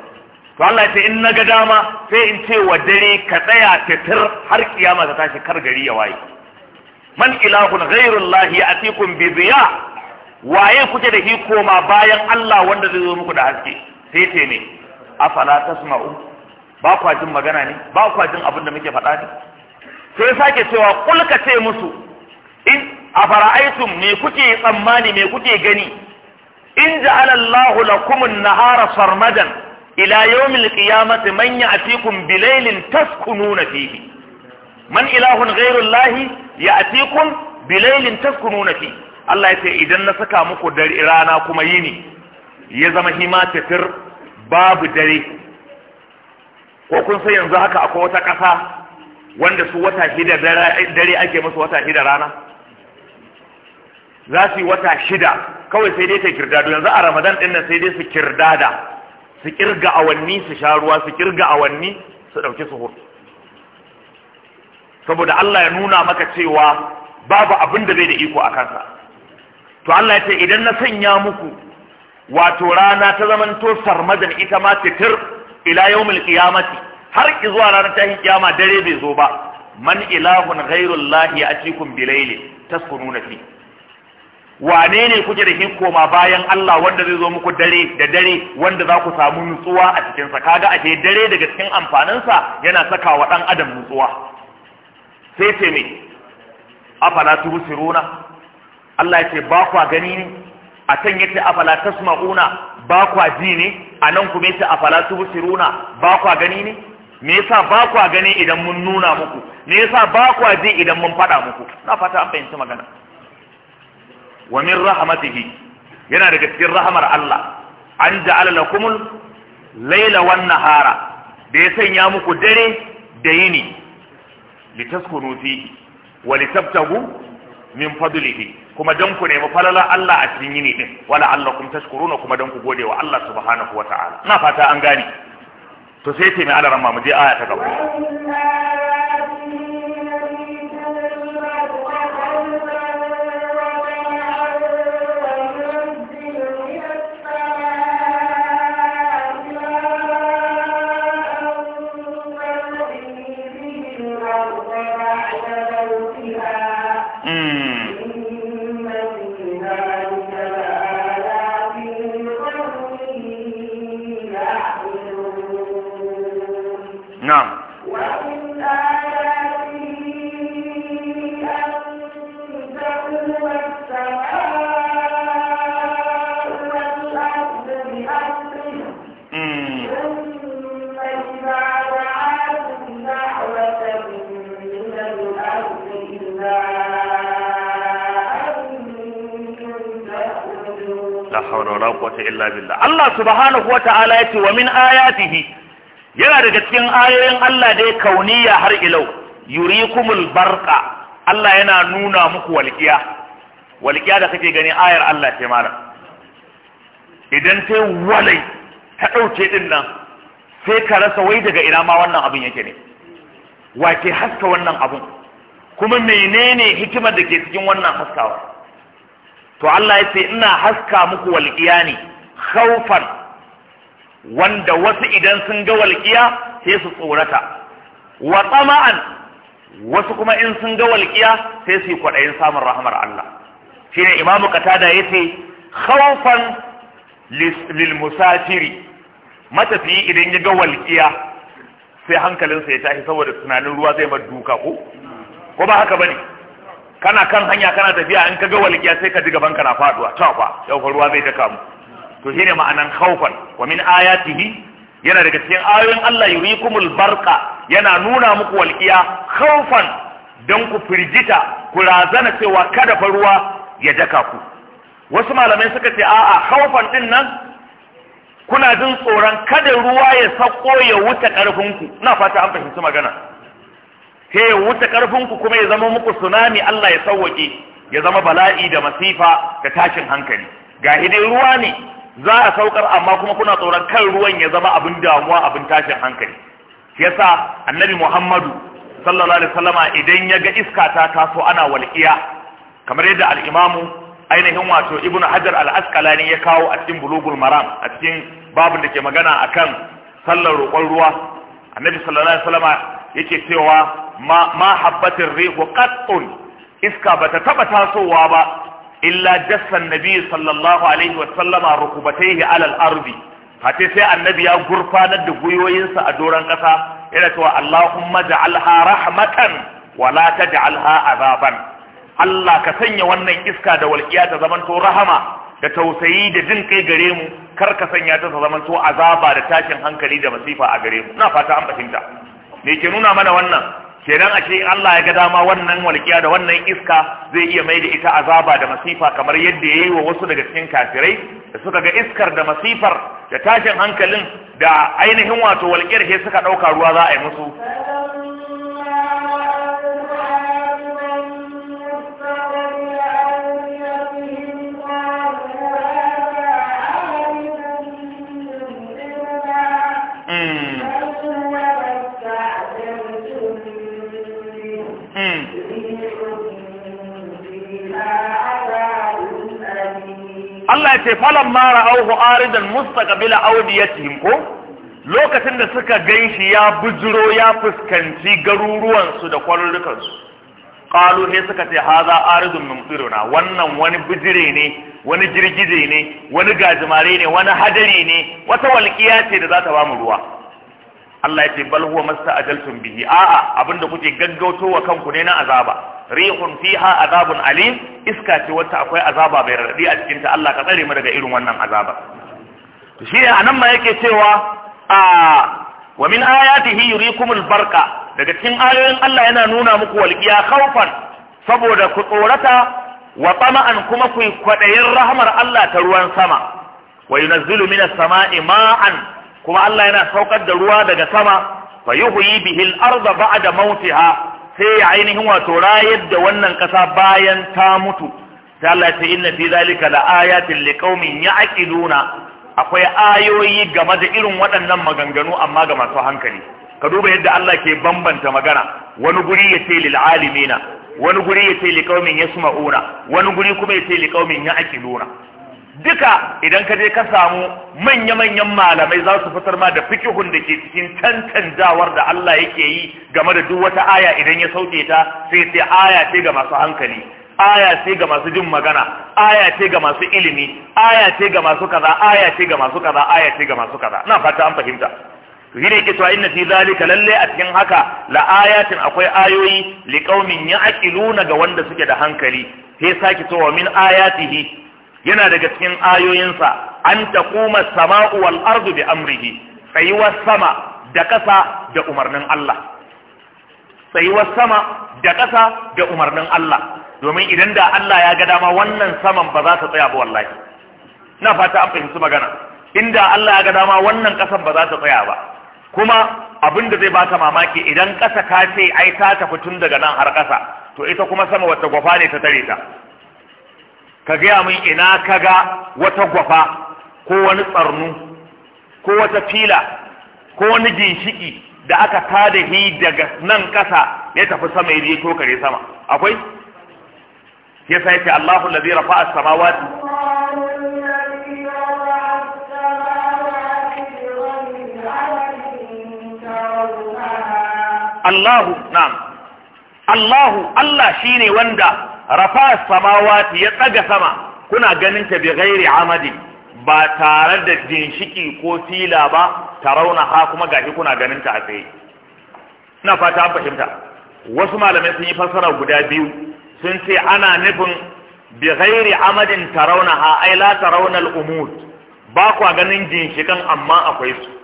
to Allah ya ce in na ga dama sai in ce wa dare ka tsaya titir har kiyama ta tashi kar gari ya waye man ilahun llahi atikum bi ziya waye kuke da hikoma bayan Allah wanda zai zo muku da haske sai ce ne afala tasma'u ba kwa jin magana ne ba kwa jin abin da muke faɗa ne sai sake cewa kul ka ce musu in afara'aytum me kuke tsammani me kuke gani in ja'ala Allahu lakum an-nahara sarmadan ila yawmil qiyamati man ya'tikum bilaylin taskununa fihi man ilahun ghairu Allah ya'tikum bilaylin taskununa fihi Allah ya ce idan na saka muku dare rana kuma yini ya zama hima babu dare ko kun san yanzu haka akwai wata ƙasa wanda su wata shida dare ake musu wata shida rana za su yi wata shida kawai sai dai ta kirdado yanzu a ramadan ɗin nan sai dai su kirdada su kirga awanni su sha ruwa su kirga awanni su ɗauki suhur saboda Allah ya nuna maka cewa babu abin da bai da iko a kansa to Allah ya ce idan na sanya muku wato rana ta zaman to sarmadan ita ma titir ila yawmul qiyamati har zuwa ranar tashin kiyama dare bai zo ba man ilahun ghairullahi atikum bilaili taskununa fi wane ne kuke da hin bayan Allah wanda zai zo muku dare da dare wanda za ku samu nutsuwa a cikin sa kaga ce dare daga cikin amfaninsa yana saka wa dan adam nutsuwa sai ce me afala tubsiruna Allah ya ce ba kwa gani ne a can yace afala tasma'una ba kwa ji ne a nan kuma yace afala tubsiruna ba kwa gani ne me yasa ba kwa gani idan mun nuna muku me yasa ba kwa ji idan mun faɗa muku na fata an fahimci magana wa min rahmatihi yana daga cikin rahamar Allah an ja'ala lakumul laila wan nahara da ya sanya muku dare da yini litaskunu fi wa litabtahu min fadlihi kuma dan ku nemi falala Allah a cikin yini din wala allakum tashkuruna kuma dan ku gode wa Allah subhanahu wataala ina fata an gane to sai ce mai alaran mu je aya ta gaba quwwata illa billah Allah subhanahu wata'ala ce wa min ayatihi yana daga cikin ayoyin Allah dai kauniya har ilau yurikumul barqa Allah yana nuna muku walqiya walqiya da kake gani ayar Allah ce mara idan sai walai ta dauke din nan sai ka rasa wai daga ina ma wannan abin yake ne wace haska wannan abun kuma menene hikimar da ke cikin wannan haskawa to Allah ya ce ina haska muku walƙiya ne khaufan wanda wasu idan sun ga walƙiya sai su tsorata wa tsama'an wasu kuma in sun ga walƙiya sai su yi kwaɗayin samun rahamar Allah shi ne imamu katada ya ce khaufan lil musafiri matafiyi idan ya ga walƙiya sai hankalinsa ya tashi saboda tunanin ruwa zai mar duka ko ko ba haka bane kana kan hanya kana tafiya in kaga walƙiya sai ka ji gaban ka na faduwa to fa yau ruwa zai daka mu to shine ma'anan khawfan wa min ayatihi yana daga cikin ayoyin Allah yurikumul barqa yana nuna muku walƙiya khawfan dan ku firgita ku razana cewa kada fa ruwa ya daka ku wasu malamai suka ce a'a khawfan din nan kuna jin tsoron kada ruwa ya sako ya wuce karfin ku ina fata an fahimci magana sai ya wuce karfinku kuma ya zama muku tsunami Allah ya sauwake ya zama bala'i da masifa da tashin hankali ga hidin ruwa ne za a saukar amma kuma kuna tsoron kan ruwan ya zama abin damuwa abin tashin hankali shi yasa annabi Muhammadu sallallahu alaihi wasallama idan ya ga iska ta taso ana walƙiya kamar yadda al-imamu ainihin wato ibnu hajar al-asqalani ya kawo a cikin bulugul maram a cikin babin da ke magana akan sallar roƙon ruwa annabi sallallahu alaihi wasallama yake cewa ma ma rihu qat'un iska bata taba tasowa ba illa dassa nabi sallallahu alaihi wa sallama rukubataihi alal ardi Hace sai annabi ya gurfanar da guyoyinsa a doran kasa yana cewa Allahumma ja'alha rahmatan wa la taj'alha azaban Allah ka sanya wannan iska da walƙiya ta zamanto rahama da tausayi da jin kai gare mu kar ka sanya ta ta zamanto azaba da tashin hankali da masifa a gare mu na fata an fahimta me ke nuna mana wannan kenan ashe Allah ya ga dama wannan walƙiya da wannan iska zai iya mai da ita azaba da masifa kamar yadda ya yi wa wasu daga cikin kafirai da suka ga iskar da masifar da tashin hankalin da ainihin wato walƙiyar he suka ɗauka ruwa za a yi musu Allah ya ce falon mara auhu aridan mustaqbila awdiyatihim ko lokacin da suka ganshi ya bujiro ya fuskanci garuruwansu da kwarurukansu qalu ne suka ce haza aridun mumtiruna wannan wani bujire ne wani girgije ne wani gajimare ne wani hadari ne wata walƙiya ce da za ta ba mu ruwa Allah ya ce bal huwa masta'ajaltum bihi a'a abinda kuke gaggautowa kanku ne na azaba rihun fiha azabun alim iska ce wata akwai azaba bai radadi a cikin ta Allah ka tsare mu daga irin wannan azaba to shi ne anan ma yake cewa a wa min ayatihi yurikumul barqa daga cikin ayoyin Allah yana nuna muku walqiya khawfan saboda ku tsorata wa tama'an kuma ku kwadayin rahmar Allah ta ruwan sama wa yunazzilu minas sama'i ma'an kuma Allah yana saukar da ruwa daga sama fa yuhyi bihi al-ardha ba'da mautiha sai ya ainihin wato rayar da wannan kasa bayan ta mutu sai Allah ya inna fi zalika la ayatin liqaumin ya'qiluna akwai ayoyi game da irin waɗannan maganganu amma ga masu hankali ka duba yadda Allah ke bambanta magana wani guri ya ce lil alimina wani guri ya ce liqaumin yasma'una wani guri kuma ya ce liqaumin ya'qiluna duka idan ka je ka samu manya-manyan malamai za su fitar ma da fikihun da ke cikin tantanzawar da Allah yake yi game da duk wata aya idan ya sauke ta sai sai aya ce ga masu hankali aya ce ga masu jin magana aya ce ga masu ilimi aya ce ga masu kaza aya ce ga masu kaza aya ce ga masu kaza na fata an fahimta to shine yake cewa inna fi zalika lalle a cikin haka la ayatin akwai ayoyi liqaumin ya'qiluna ga wanda suke da hankali sai saki to min ayatihi yana daga cikin ayoyinsa an taƙuma kuma samau wal ardu bi amrihi tsayuwar sama da ƙasa da umarnin Allah sama da ƙasa da umarnin Allah domin idan da Allah ya ga dama wannan saman ba za ta tsaya ba wallahi na fata an fahimci magana inda Allah ya ga dama wannan ƙasan ba za ta tsaya ba kuma abin da zai baka mamaki idan ƙasa ka ce ai ta tafi tun daga nan har ƙasa to ita kuma sama wata gwafa ne ta tare ta ka gaya min ina ka ga wata gwafa ko wani tsarnu ko wata fila ko wani ginshiki da aka tada hi daga nan ƙasa ya tafi sama ya to kare sama akwai sa yake Allahu allazi rafa'a as-samawati Allahu na'am Allahu Allah shine wanda rafa samawati ya tsaga sama kuna ganin ta bi ghairi amadi ba tare da jinshiki ko tila ba tarauna ha kuma gashi kuna ganin ta a tsaye ina fata an fahimta wasu malamai sun yi fassara guda biyu sun ce ana nufin bi ghairi amadin ha ai la tarawna al ba kwa ganin ginshikan amma akwai su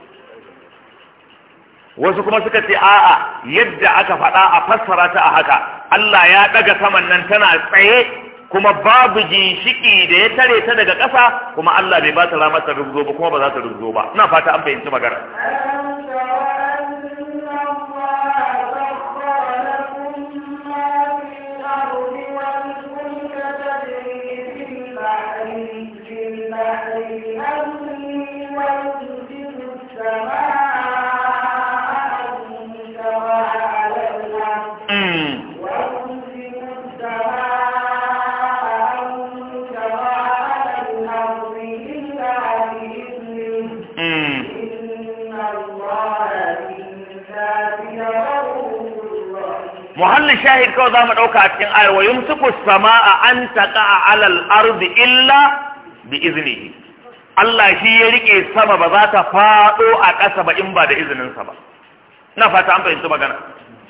wasu kuma suka ce a'a yadda aka faɗa a fassara ta a haka Allah ya ɗaga saman nan tana tsaye kuma babu ginshiki da ya tare ta daga ƙasa kuma Allah bai ba ta ramar ta rubzo ba kuma ba za ta rubzo ba ina fata an fahimci magana shahid kawai za mu ɗauka a cikin ayar suku sama a an taƙa a alal arzi illa bi izini. Allah shi ya riƙe sama ba za ta faɗo a ƙasa ba in ba da izininsa ba na fata an fahimci magana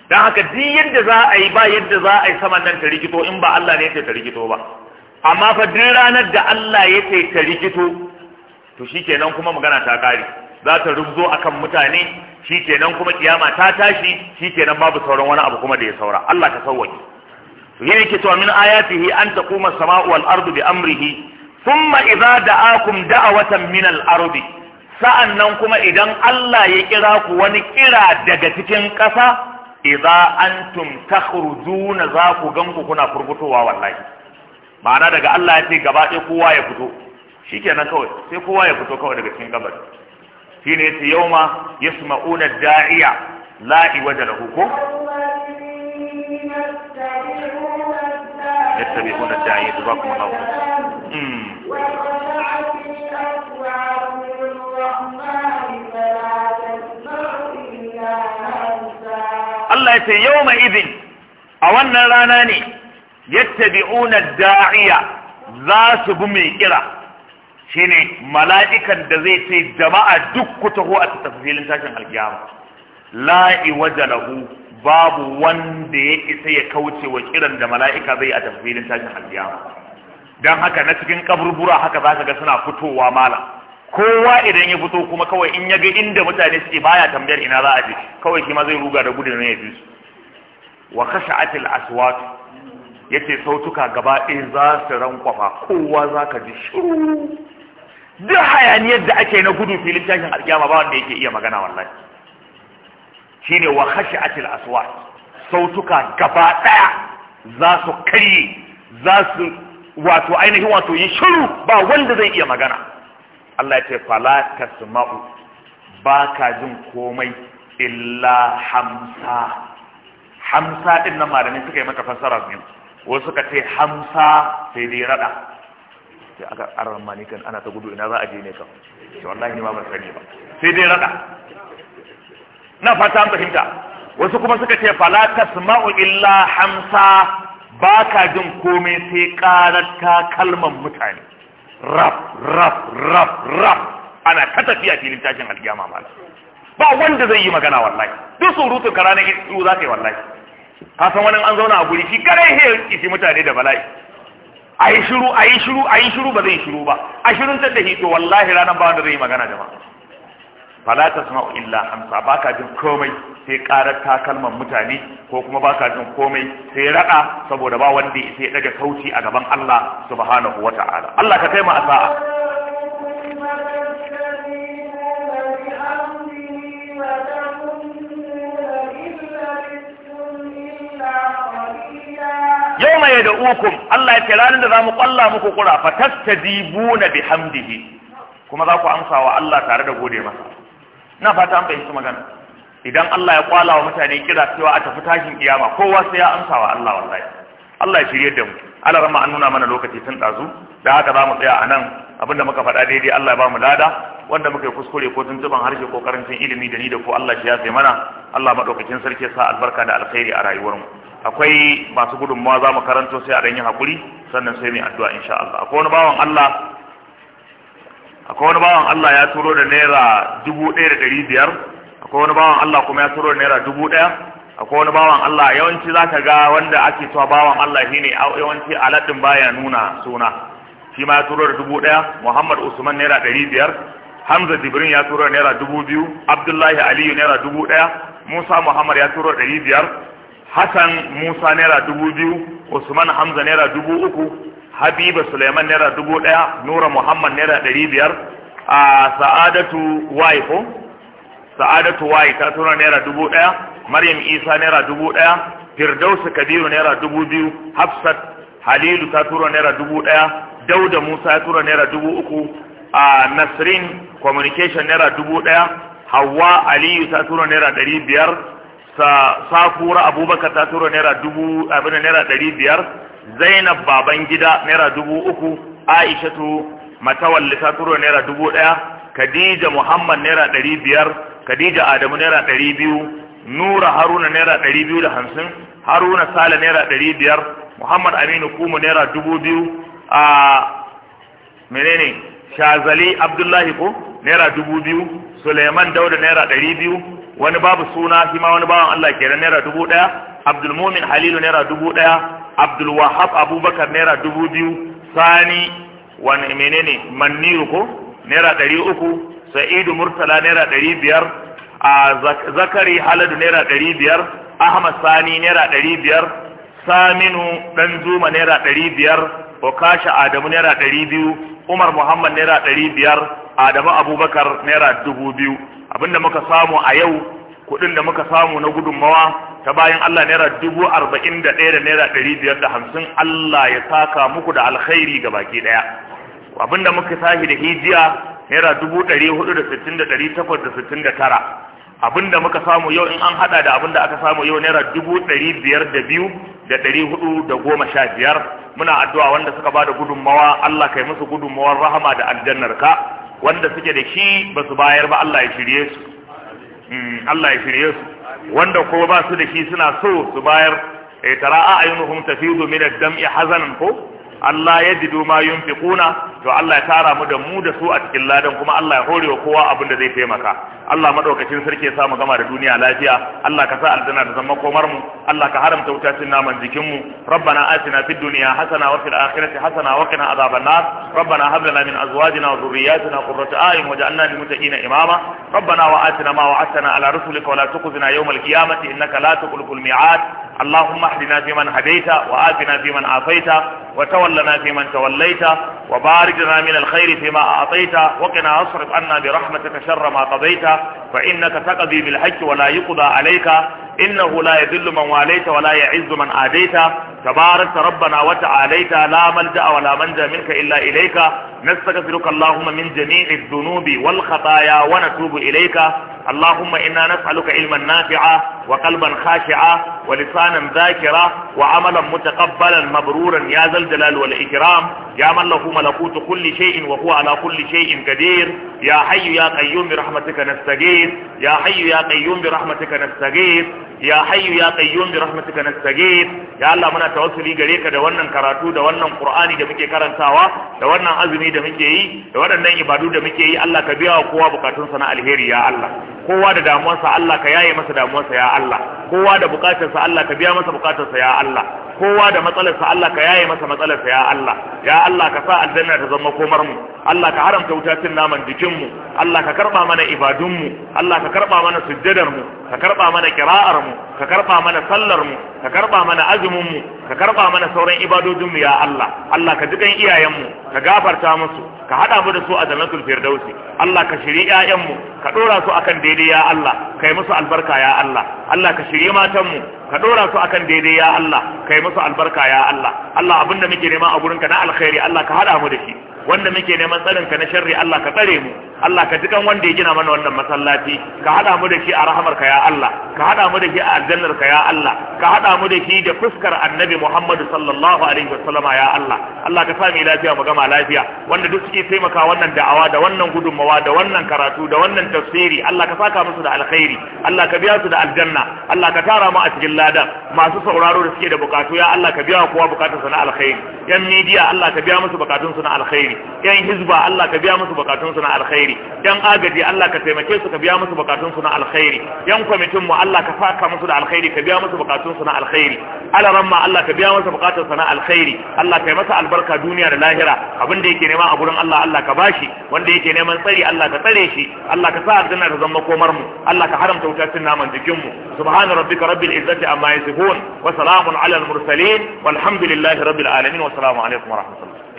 don haka duk yadda za a yi ba yadda za a yi saman nan ta rikito in ba Allah ne ya ce ta rikito ba amma fa duk ranar da Allah ya ce ta rikito to shi kenan kuma magana ta kare za ta rubzo akan mutane kenan kuma kiyama ta tashi shikenan babu sauran wani abu kuma da ya saura Allah ta sauwaki to yana yake cewa min ayatihi an ta kuma samau wal ardu bi amrihi thumma idza watan minal min Sa'an nan kuma idan Allah ya kira ku wani kira daga cikin ƙasa idza antum takhrujuna za ku ganku kuna furgutowa wallahi ma'ana daga Allah ya ce gaba ɗaya kowa ya fito shikenan kawai sai kowa ya fito kawai daga cikin gabas shine yace yauma yasma'una da'iya la iwada lahu ko yattabi'una da'iya tabakum Allah Allah ya ce yau mai a wannan rana ne yattabi'una da'iya za su bi mai kira shine mala'ikan da zai ce jama'a duk ku taho a tafsirin tashin alkiyama la'i wajalahu babu wanda ya isa ya kauce wa kiran da mala'ika zai a tafsirin tashin alkiyama dan haka na cikin kaburbura haka zaka ga suna fitowa mala kowa idan ya fito kuma kawai in ya ga inda mutane suke baya tambayar ina za a je kawai shi ma zai ruga da gudun ne ya bi su wa khasha'atil aswat yace sautuka gaba ɗaya za su rankwafa kowa zaka ji shiru duk hayaniyar da ake na gudu filin tashin alkiyama ba wanda yake iya magana wallahi shine wa khashi'atil aswat sautuka gaba daya za su karye za su wato ainihin wato yi shiru ba wanda zai iya magana Allah ya ce fala tasma'u baka jin komai illa hamsa hamsa din nan malamin suka yi mata fassara biyu wasu suka ce hamsa sai dai rada sai aka arar manikan ana ta gudu ina za a je ne kan sai wallahi ma ban sani ba sai dai rada na fata an fahimta wasu kuma suka ce fala tasma'u illa hamsa ba ka jin komai sai karar ta kalman mutane rap rap rap rap ana ta tafiya filin tashin alkiyama mala ba wanda zai yi magana wallahi duk surutun ka ranar isu za ka yi wallahi ka wani an zauna a guri shi kare he ishi mutane da bala'i a yi shiru a yi shiru a yi shiru ba zai shiru ba a shirin ta da hito wallahi ranar ba wanda zai magana da jama'a fala tasma'u illa hamsa ka jin komai sai karar takalman mutane ko kuma baka jin komai sai raɗa saboda ba wanda ya sai daga sauti a gaban Allah subhanahu wa ta'ala. Allah ka kai mu asa'a yau mai da ukun. Allah ya ce ranar da za mu kwalla muku kura fa bi bihamdihi kuma za ku amsa wa Allah tare da gode masa na fata an fahimci magana idan Allah ya kwala wa mutane kira cewa a tafi tashin kiyama kowa sai ya amsa wa Allah wallahi Allah ya shirye da mu Allah rama an nuna mana lokaci tun dazu da haka za mu tsaya a nan abinda muka faɗa daidai Allah ya ba mu lada wanda muka yi kuskure ko tuntuban harshe ko karancin ilimi da ni da ku Allah shi ya sai mana Allah madaukakin sarki sa albarka da alkhairi a rayuwarmu akwai masu gudunmawa za mu karanto sai a ɗanyi haƙuri sannan sai mai addu'a insha Allah akwai wani bawan Allah akwai wani bawan Allah ya turo da naira dubu ɗaya da ɗari biyar akwai wani bawan Allah kuma ya turo da naira dubu ɗaya akwai wani bawan Allah yawanci za ka ga wanda ake cewa bawan Allah shine yawanci aladdin baya nuna suna shi ma ya turo da dubu ɗaya Muhammad Usman naira ɗari biyar Hamza Jibrin ya turo da naira dubu biyu Abdullahi Aliyu naira dubu ɗaya Musa Muhammad ya turo da ɗari biyar Hassan Musa naira dubu biyu, Usman Hamza naira dubu uku, Habiba Suleiman naira dubu ɗaya, Nura Muhammad naira ɗari biyar, a Sa'adatu Y ko? Sa'adatu wai ta tura naira dubu ɗaya, Maryam Isa naira dubu ɗaya, Firdausu Kabiru naira dubu biyu, Hafsat Halilu ta tura naira dubu ɗaya, Dauda Musa ya tura naira dubu uku, a Nasrin Communication naira dubu ɗaya, Hawwa Aliyu ta tura naira ɗari biyar, sa sakura abubakar ta tura naira dubu abin naira ɗari biyar zainab baban gida naira dubu uku aishatu matawalli ta tura naira dubu ɗaya khadija muhammad naira ɗari biyar khadija adamu naira ɗari biyu nura haruna naira ɗari biyu da hamsin haruna sale naira ɗari biyar muhammad aminu kuma naira dubu biyu a menene shazali abdullahi ko naira dubu biyu suleiman dauda naira ɗari biyu wani babu suna shi ma wani bawan Allah kenan naira dubu ɗaya Abdul Mumin Halilu naira dubu ɗaya Abdul Wahab Abubakar naira dubu biyu Sani wani menene Manniru ko naira ɗari uku Sa'idu Murtala naira ɗari biyar a Zakari Haladu naira ɗari biyar Ahmad Sani naira ɗari biyar Saminu Zuma naira ɗari biyar Okasha Adamu naira ɗari biyu Umar Muhammad naira ɗari biyar Adamu Abubakar naira dubu biyu abinda muka samu a yau kuɗin da muka samu na gudunmawa ta bayan Allah naira dubu arba'in da ɗaya da naira ɗari biyar da hamsin Allah ya saka muku da alkhairi ga baki ɗaya abinda muka sahi da hijiya naira dubu ɗari hudu da sittin da ɗari takwas da sittin da tara abinda muka samu yau in an hada da abinda aka samu yau naira dubu ɗari biyar da biyu da ɗari hudu da goma sha biyar muna addu'a wanda suka bada gudunmawa Allah kai musu gudunmawar rahama da aljannar ka wanda suke da shi ba su bayar ba Allah ya shirye su hmm, Allah ya shirye su wanda ko ba su da shi suna so su bayar eh, tara a ayyunuhum tafidu min ad-dam'i hazanan ko Allah yajidu ma yunfiquna to Allah ya tara mu da mu da su a cikin ladan kuma Allah ya hore wa kowa abin da zai taimaka Allah madaukakin sarki ya sa mu gama da duniya lafiya Allah ka sa aljanna ta zama komar mu Allah ka haramta wuta cin naman jikin mu rabbana atina fid dunya hasana wa fil akhirati hasana wa qina adhaban nar rabbana hab lana min azwajina wa dhurriyyatina qurrata a'yun waj'alna lil muttaqina imama rabbana wa atina ma wa'adtana ala rusulika wa la tukhzina yawm al qiyamati innaka la tukhlifu al mi'ad اللهم اهدنا فيمن هديت وآتنا فيمن عافيت وتولنا فيمن توليت وبارك لنا من الخير فيما أعطيت وقنا أصرف عنا برحمتك شر ما قضيت فإنك تقضي بالحج ولا يقضى عليك إنه لا يذل من واليت ولا يعز من عاديت تبارك ربنا وتعاليت لا ملجأ ولا منجا منك إلا إليك نستغفرك اللهم من جميع الذنوب والخطايا ونتوب إليك اللهم إنا نسألك علما نافعا وقلبا خاشعا ولسانا ذاكرا وعملا متقبلا مبرورا يا ذا الجلال والإكرام يا من له ملكوت كل شيء وهو على كل شيء قدير يا حي يا قيوم برحمتك نستغيث يا حي يا قيوم برحمتك نستغيث ya hayyu ya qayyum bi rahmatika nastaghith ya Allah muna tawassuli gare ka da wannan karatu da wannan qur'ani da muke karantawa da wannan azumi da muke yi da waɗannan ibadu da muke yi Allah ka biya wa kowa bukatun sa na alheri ya Allah kowa da damuwarsa Allah ka yaye masa damuwarsa ya Allah kowa da sa Allah ka biya masa bukatarsa ya Allah kowa da matsalarsa Allah ka yaye masa matsalarsa ya Allah ya Allah ka sa aljanna ta zama komar mu Allah ka haramta wuta cin naman jikin mu Allah ka karba mana ibadun mu Allah ka karba mana sujjadar mu ka karba mana kira'ar mu ka karba mana sallar mu ka karba mana azumin mu ka karba mana sauran ibadojinmu ya Allah Allah ka jikan iyayenmu ka gafarta musu ka hada mu da su a jannatul firdausi Allah ka shiri iyayenmu ka dora su akan daidai ya Allah kai musu albarka ya Allah Allah ka shiri matanmu ka dora su akan daidai ya Allah kai musu albarka ya Allah Allah abinda muke nema a gurinka na alkhairi Allah ka hada mu da shi wanda muke neman ka na sharri Allah ka tsare mu Allah ka dukan wanda ya gina mana wannan masallaci ka hada mu da shi a rahamarka ya Allah ka hada mu da shi a aljannarka ya Allah ka hada mu da shi da fuskar annabi Muhammad sallallahu alaihi wasallama ya Allah Allah ka sa lafiya mu gama lafiya wanda duk suke taimaka wannan da'awa da wannan gudunmawa da wannan karatu da wannan tafsiri Allah ka saka musu da alkhairi Allah ka biya su da aljanna Allah ka tara mu a cikin lada masu sauraro da suke da bukatu ya Allah ka biya kowa sa na alkhairi yan midiya Allah ka biya musu sa na alkhairi yan hizba Allah ka biya musu sa na alkhairi yan agaji Allah ka taimake su ka biya musu bukatun su na alkhairi yan kwamitin mu Allah ka faka musu da alkhairi ka biya musu bukatun su na alkhairi alaran ma Allah ka biya musu bukatun su na alkhairi Allah ka yi masa albarka duniya da lahira abin da yake nema a gurin Allah Allah ka bashi wanda yake neman tsari Allah ka tsare shi Allah ka sa aljanna ta zama komar mu Allah ka haramta wutacin naman jikin mu subhana rabbika rabbil izzati amma yasifun wa salamun alal mursalin walhamdulillahi rabbil alamin wa salamu alaikum wa rahmatullahi